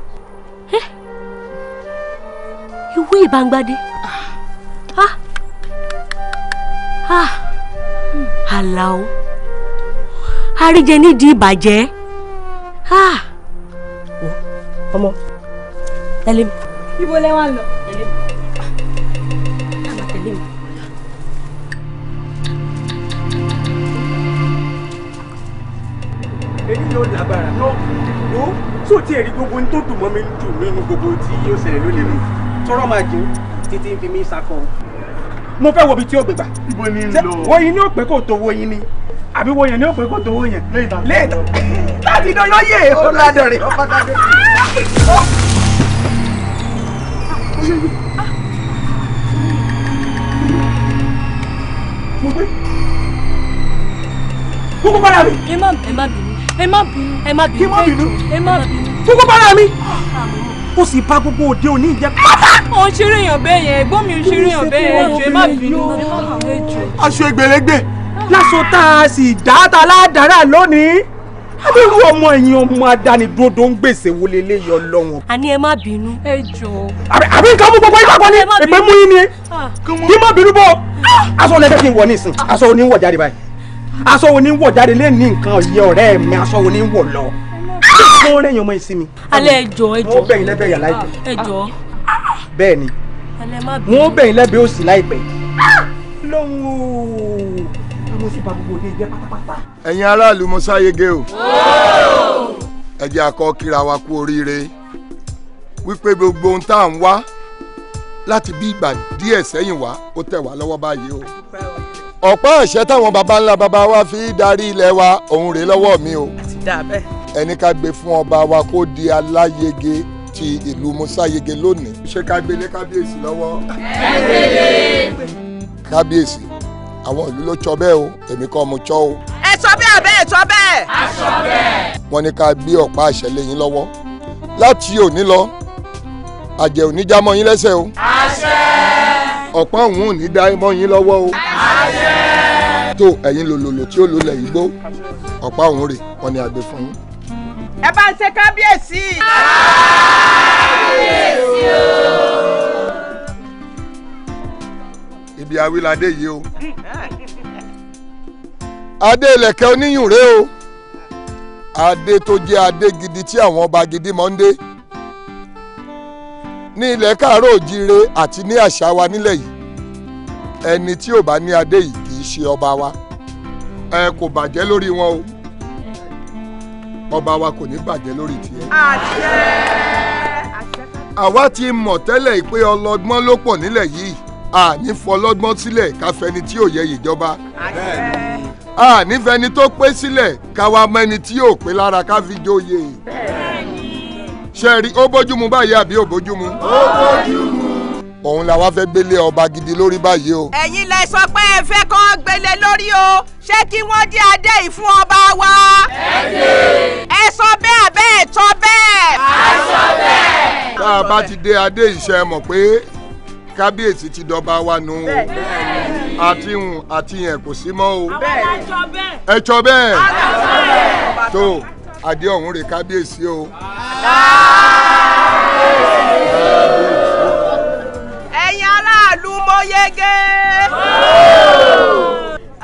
ìwúyè gbangbadé ah! ah! ah! àlàó àríjẹ nídìí ìbàjẹ́ ọmọ ẹ lé mi. ibo lẹ wá lọ. ẹ lé mi. yóò lágbára ó tó tí èrè gbogbo ní tó dùn mọ́ mi dùn nínú gbogbo tí yóò ṣẹlẹ̀ lólè mi tọrọ máa jẹun títí ń fi mí sakọ mo fẹ́ wo ibi tí ó gbégbà wo yín ní òpè kò tó wo yín ni àbí wo yẹn ní òpè kò tó wo yẹn léètà láti dọ́yọ́ yé ó ládọ̀ rẹ̀ mo gbé kúkú padà mi. ẹ má ẹ má bínú ẹ má bínú ẹ má bínú kí má bínú ẹ má bínú. kókó bára mi ó sì bá gbogbo òde òní ìjẹ pátá. ò ń ṣeré èèyàn bẹ́ẹ̀ yẹn ẹ̀gbọ́n mi ń ṣeré èèyàn bẹ́ẹ̀ yẹn ẹjọ́ ẹ má bínú aṣọ ìgbèrègbè láṣọ tá a sì dá ta ládàrá lónìí abẹ́rú ọmọ ẹ̀yìn ọmọ adánidúró ń gbèsè wo lélẹ́ yọ lọ́wọ́n. àní ẹ má bínú. ẹ jọ̀ọ́. àbí nǹkan mú gbogbo ìgbàgbọ́ ni èpè mú yín ni ah. kí má bínú bọ́ aṣọ lẹ́fẹ̀ẹ́ kí n wọ̀ ní ìsìn ah. aṣọ oníwọ̀ jáde báyìí aṣọ wo ni ń wọ̀ jáde lé ní nǹkan ọ̀yẹ́ ọ̀rẹ́ mi aṣọ wo ni ń wọ̀ lọ. kó rẹ̀ yan ọmọ ìsinmi. alẹ́ ẹjọ́ ẹjọ́ wọ́n bẹ̀yìn lẹ́bẹ̀ẹ́ yà láìpẹ́. Ah, ẹjọ́. bẹ́ẹ̀ ni wọ́n bẹ̀yìn lẹ́bẹ̀ẹ́ òsì láìpẹ́. lóhùn o mo sì bá gbogbo òde jẹ́ pátápátá. ẹ̀yin aráàlú mo ṣàyẹ̀gẹ́ o ẹ jẹ́ akọ kíra wa kú oríire wípé gbogbo ohun tá à ń wá láti bí ìgbà díẹ̀ sẹ́yìn wá ó tẹ̀ wá lọ́wọ́ báyìí o ọ̀pá àṣẹ táwọn baba ńlá baba wa fi darí ilẹ̀ wa òun rèé lọ́wọ́ mi o. àti dà bẹ́ẹ̀. ẹni ká gbé fún ọba wa kó di aláyege ti ìlú musayege lónìí. ṣé ká gbélé kábíyèsí lọ́wọ́. ẹ gbélé. kábíyèsí àwọn ìlú ló sọ bẹ́ẹ̀ o èmi kọ́ mo sọ o. ẹ sọ bẹ́ẹ̀ bẹ́ẹ̀ ẹ sọ bẹ́ẹ̀. a sọ bẹ́ẹ̀. wọ́n ní ká gbé ọ̀pá àṣẹ lẹ́yìn lọ́wọ́ láti òní lọ àjẹ́ òní já mọ́ lẹ́sẹ̀ o. àṣẹ. ọ̀pá òun ò ní dá mọ́ lọ́wọ́ o. àṣẹ tó ẹ̀yin lòlòlò tí ó lò lẹ̀ igbó ọ̀pá òun rè wọn ni àgbè fún yín. ẹ bá ń ṣe kábíyèsí. kábíyèsí o. ibi awilade yìí o adé ìlẹ̀kẹ̀ oníyùn rèé o adé tó jẹ́ adé gidi tí àwọn ọba gidi mọ́ ń dé ní ilẹ̀ káàárọ̀ òjíire àti ní àṣà wa nílẹ̀ yìí ẹni tí ò bá ní adé yìí ṣe ọba wa ẹ kò bàjẹ́ lórí wọn o ọba wa kò ní bàjẹ́ lórí tiẹ̀. àṣẹ. àwa ti mọ̀ tẹ́lẹ̀ pé ọlọ́gbọ́n ló pọ̀ nílẹ̀ yìí àní fọlọ́gbọ́n sílẹ̀ káfẹ́ni tí ò yẹ ìjọba. àṣẹ. àní fẹni tó pé sílẹ̀ káwa mẹ́ni tí yóò pé lára ká fi jóye. bẹ́ẹ̀ni. ṣe rí ó bójúmu báyìí àbí ó bójúmu. ó bójúmu òun la wá fẹ́ gbélé ọba gidi lórí báyìí o. ẹ̀yin lẹ sọ pé ẹ fẹ́ kàn gbélé lórí o ṣé kí wọ́n dé adé yìí fún ọba wa. ẹ sọ bẹ́ẹ̀ bẹ́ẹ̀ tọ́ bẹ́ẹ̀. a sọ bẹ́ẹ̀. tá a bá ti dé adé ìṣe mọ̀ pé kábíyèsí ti dọba wa nù o àti hùn àti yẹn kò sí mọ́ o. ẹ jọ bẹ́ẹ̀. tó adé ọ̀hún rè kábíyèsí o. kábíyèsí yege.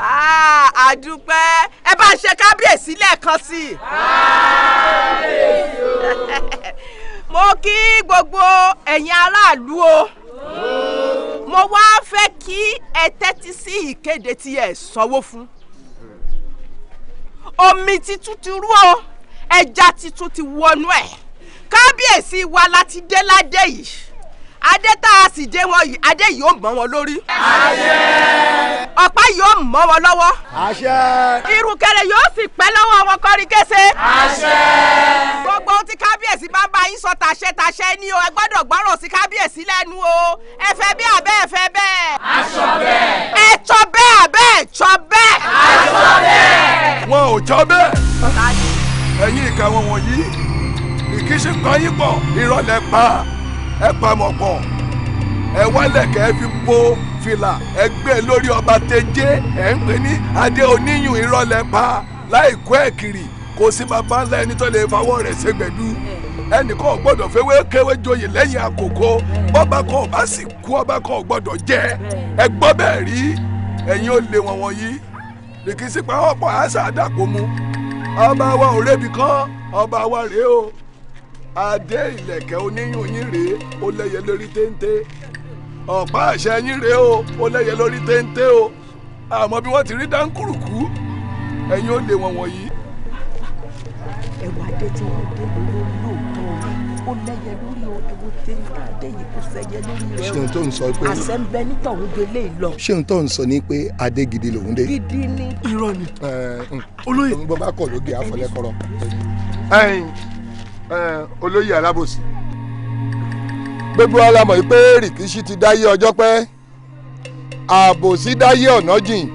Ah, a dúpẹ́ ẹ bá ṣe kábíyèsí lẹ́ẹ̀kan sí i. mo kí gbogbo ẹ̀yin aráàlú o mo wá fẹ́ kí ẹ tẹ́tí sí ìkéde tí ẹ sanwó fún omi titun ti rú o ẹja titun ti wọnú ẹ kábíyèsí wa láti dé ládé yìí adé tá a sì jẹ wọn yìí adé yìí ó mọ wọn lórí. àṣẹ. ọ̀pá yìí ó mọ wọn lọ́wọ́. àṣẹ. ìrùkẹ̀rẹ̀ yóò sì pẹ́ lọ́wọ́ wọn kọ́rí kése. àṣẹ. gbogbo ohun tí kábíyèsí bá bá yín sọ tàṣẹ tàṣẹ ni o ẹ gbọ́dọ̀ gbọ́rọ̀ sí kábíyèsí lẹ́nu o ẹ fẹ́ bí abẹ́ ẹ fẹ́ bẹ́ẹ̀. aṣọ bẹ́ẹ̀. ẹ tọ́ bẹ́ẹ̀ abẹ́ ẹ tọ́ bẹ́ẹ̀. aṣọ bẹ́ẹ̀. wọn ò jọ bẹ́ẹ̀. ẹ̀yin ìkà wọ̀nyí ìkíṣe ẹ pamọ́ pọ̀ ẹ wálẹ̀kẹ́ ẹ fi bo fìlà ẹ gbé e lórí ọba tẹ́jẹ́ ẹ ń pè ní adé oníyùn ìrọ̀lẹ́ pa láì kó ẹ̀ kiri kò sí bàbá ńlá ẹni tó lè fawọ́ rẹ̀ ṣègbẹ̀dú ẹnìkan gbọ́dọ̀ fẹwé kéwé joyè lẹ́yìn àkókò bọba kan ọba sì kú ọba kan gbọ́dọ̀ jẹ ẹ gbọ́ bẹ́ẹ̀ rí ẹ̀yin ò lè wọn wọ̀nyí lèkì sípa ọ̀pọ̀ àṣà àdàpọ̀ mu ọba wa ò rébi kan ọba wa rèé o adé ìlẹ̀kẹ̀ oníyùn yín rèé ó lẹ́yẹ lórí téńté ọ̀pá àṣẹ yín rèé o ó lẹ́yẹ lórí téńté o àmọ́ bí wọ́n ti rí dáńkùrùkù ẹ̀yin ó lè wọ̀n wọ̀nyí. ẹ̀wà adé tí wọ́n dé lóòótọ́ ó lẹ́yẹ lórí ewu téńté adé yìí kò sẹ́yẹ lórí rẹ̀ ṣé n tó ń sọ pé àṣẹ ń bẹ nítọ̀hún délé lọ. ṣé n tó ń sọ ni pé adé gidi lòún dé. gidi ni. irọ́ ni. olóyè. n bọ́ bá kọ̀ lóge àfọlẹ́kọ̀rọ̀ olóyè alábòsí gbogbo alamọ̀ yìí pé rìkíṣí ti dáyé ọjọ́ pẹ́ àbòsí dáyé ọ̀nà jìn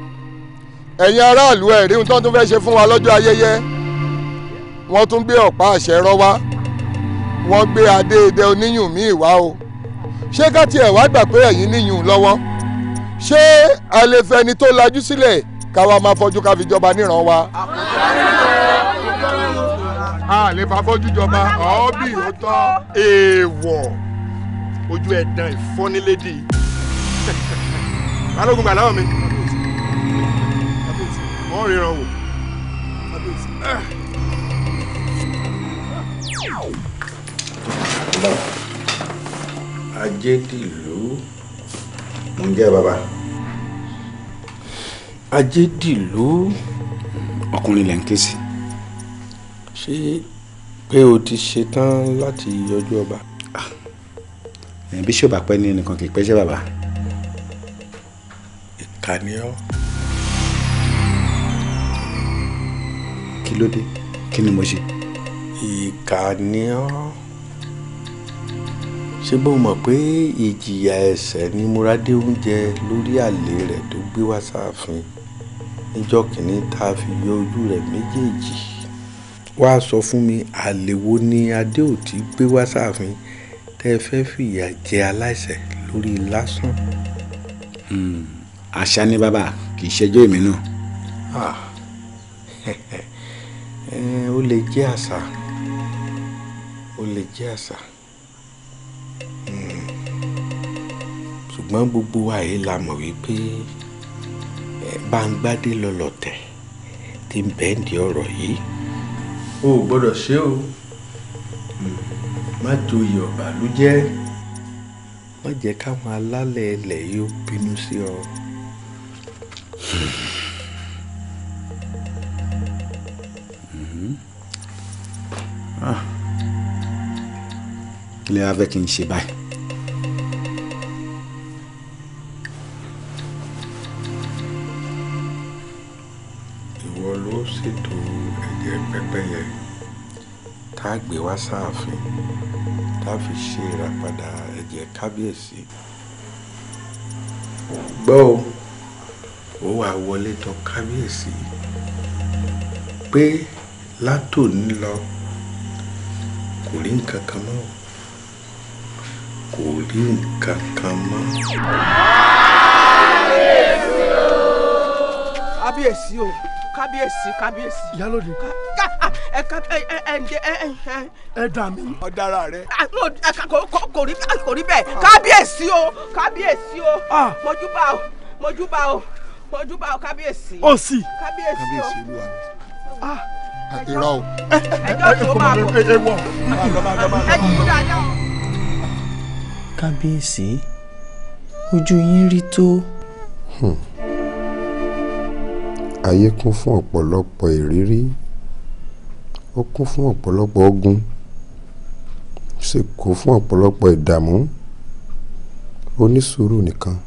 ẹ̀yin aráàlú ẹ̀ rí ohun tó tún fẹ́ ṣe fún wa lọ́jọ́ ayẹyẹ wọ́n tún gbé ọ̀pá àṣẹ rọ́ wá wọ́n gbé adé idẹ oníyùn míì wá o ṣé ká tiẹ̀ wá gbà pé ẹ̀yin níyùn lọ́wọ́ ṣé a lè fẹni tó lajú sílẹ̀ káwa máa fojú ká fi jọba níran wa. àkùnrin rẹ̀ a lè fa bójú jọba ọ̀ọ́bì ó tọ́ èèwọ̀ ojú ẹ̀dán ìfọ́nilédè balógun gbà láwọn mi wọ́n ríran wò. ajé dìlú ń jẹ́ bàbá. ajé dìlú ọkùnrin lẹ́ ń ṣé pé o ti ṣetán láti yọjú ọba. Ah, bíṣọ̀bù àpẹ́ ni nìkan kì í pẹ́ṣẹ́ bàbá. ìkà ni ọ́. kí ló dé kí ni mo ṣe. ìkà ni ọ́ ṣé bó mọ̀ pé ìjìyà ẹ̀ṣẹ̀ ni múradé ń jẹ lórí àlè rẹ̀ tó gbé wá sáàfin níjọ́ kìíní tá a fi yọ ojú rẹ̀ méjèèjì wá sọ fún mi àlè wo ni adéòtí gbé wá sáàfin tẹ́ ẹ fẹ́ fìyà jẹ aláìṣẹ̀ lórí lásán. Hmm, àṣà ni bàbá kì í ṣẹjọ́ èmi náà. Ah. ó lè jẹ́ àṣà ó lè jẹ́ àṣà hmm. ṣùgbọ́n gbogbo wa la mọ̀ wípé bá ń gbádé lọ́lọ́tẹ̀ tí ń bẹ́ẹ̀ di ọ̀rọ̀ yìí o ò gbọ́dọ̀ ṣe o má joyè ọ̀bà ló jẹ́ má jẹ́ káwọn alálẹ̀ ilẹ̀ yóò bínú sí ọ. kí ah. lè kí n ṣe báyìí. á gbé wá sáàfin tá a fi ṣe ìràpadà ẹ̀jẹ̀ kábíyèsí gbọ́ ó wá wọlé tọ̀ kábíyèsí pé látòní lọ kò rí nǹkan kan mọ́ kò rí nǹkan kan mọ́. kábíyèsí o kábíyèsí kábíyèsí. ìyálòdì. ẹ ká ẹ ẹ ẹ ẹ ẹ. ẹ dà mí. ọ̀daràn rẹ. kò rí bẹ́ẹ̀ kò rí bẹ́ẹ̀ ah. kábíyèsí o kábíyèsí o ah. mojúbà o mojúbà o mojúbà o kábíyèsí. ó sì. kábíyèsí o. kábíyèsí olúwa mi. irọ́ ah. o. ẹjọ́ tó máa bọ̀ ẹjọ́ tó dáadáa o. kábíyèsí ojú yín rí tó. Hmm. Ayé kún fún ọ̀pọ̀lọpọ̀ ìrírí, ó kún fún ọ̀pọ̀lọpọ̀ ogun, ó sì kún fún ọ̀pọ̀lọpọ̀ ìdààmú. Onísùúrù nìkan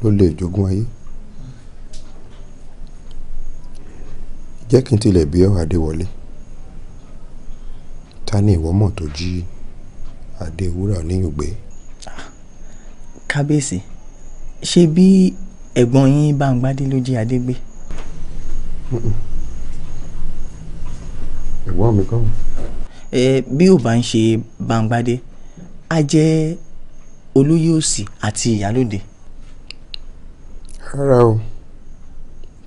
ló lè jogún ayé. Jẹ́ kí n tilẹ̀ bi ọ́ Adéwọlé. Ta ni ìwọ mọ̀ tó jí Adéwúrà Oníyùn gbé? Ah, kábíyèsí, ṣe bí ẹ̀gbọ́n yín Báńgbádé ló jí Adé gbé? ẹ̀gbọ́n mi kọ́. ẹ bí ò bá ń ṣe bangbade a jẹ́ olóyè òsì àti ìyálóde. rárá o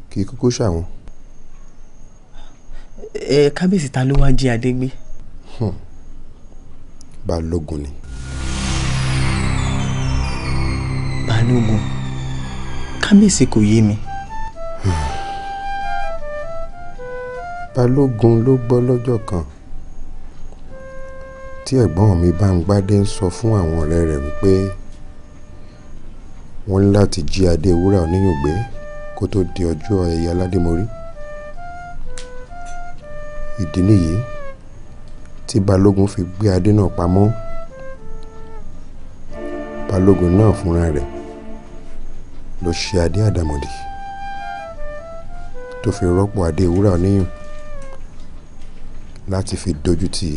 kì í kúkú ṣàwọn. ẹ kábíyèsí ta ló wáá jí adé gbé. Hmm, balógun ni. balógun kábíyèsí kò yé mi. Hmm balógun ló gbọ́ lọ́jọ́ kan tí ẹ̀gbọ́n mi Báńgbádé ń sọ fún àwọn ọ̀rẹ́ rẹ̀ wípé wọ́n ní láti jí Adéwúrà Oníyìngbé kó tó di ọjọ́ ẹ̀yẹ aládémorí ìdí nìyí tí balógun fi gbé adé náà pamọ́ balógun náà fúnra rẹ̀ ló ṣe adé àdàmọ̀dì tó fi rọ́pò Adéwúrà Oníyìn láti fi dojú ti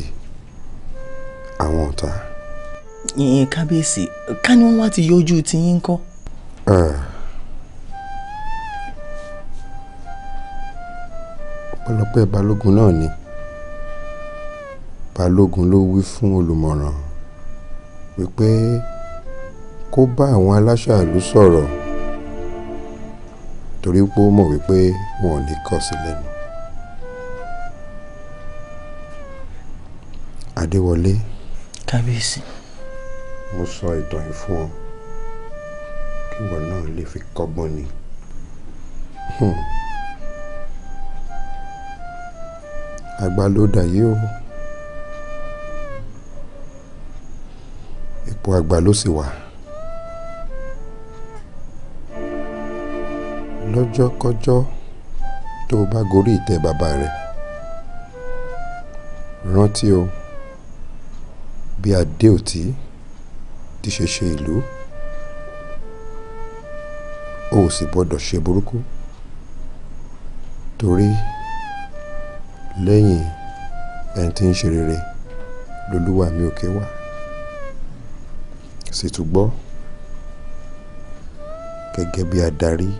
àwọn ọ̀tá. ìyẹn kábíyèsí ká ní wọ́n wá ti yọjú ti yín kọ́. ọpẹ́lọpẹ́ balógun náà ni balógun ló wí fún olùmọ̀ràn wípé kó bá àwọn aláṣàlú sọ̀rọ̀ torí pé ó mọ̀ wípé wọn ò ní kọ̀ sí lẹ́nu. adéwọlé kábíyèsí mo sọ ìtàn yìí fún ọ kí ìwọ náà lè fi kọ́gbọ́n ni. Hmm. àgbà ló dà yìí o ipò àgbà ló sì wà lọ́jọ́kọ́jọ́ tó o bá gorí ìtẹ́ bàbá rẹ rántí o bí Adéòtí ti ṣe ṣe ìlú o ò sì gbọ́dọ̀ ṣe burúkú torí lẹ́yìn ẹni tí ń ṣe rere lolúwa mi òkè wà sì tún gbọ́ gẹ́gẹ́ bí adarí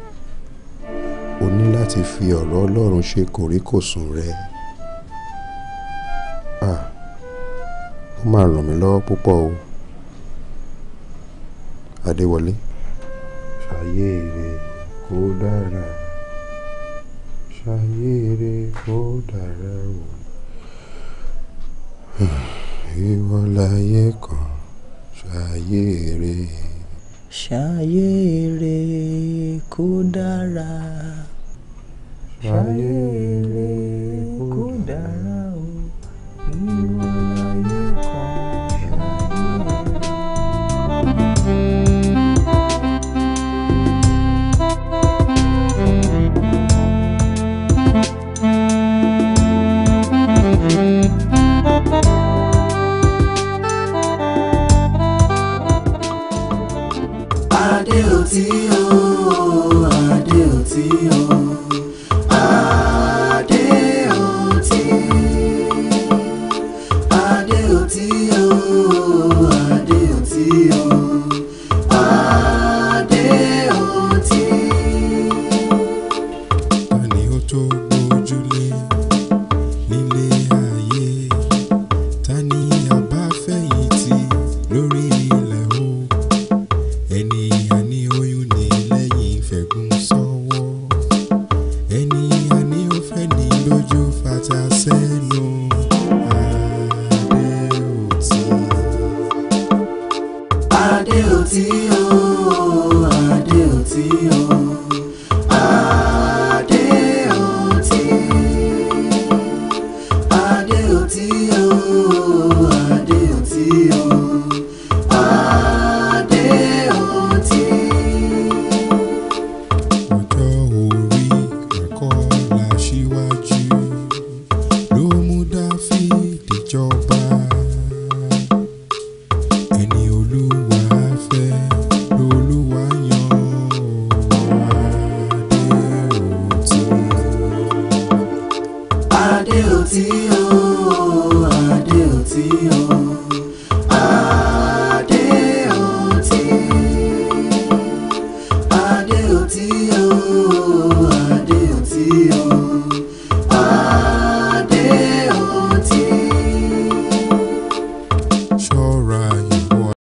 o ní láti fi ọ̀rọ̀ Ọlọ́run ṣe kòríkòsùn rẹ. Ah máa ràn mí lọ́wọ́ púpọ̀ o Adéwọlé. ṣàyè rẹ̀ kó dára ṣàyè rẹ̀ kó dára o ìwọ láyé kan ṣàyè rẹ̀. ṣàyè rẹ̀ kó dára ṣàyè rẹ̀ kó dára.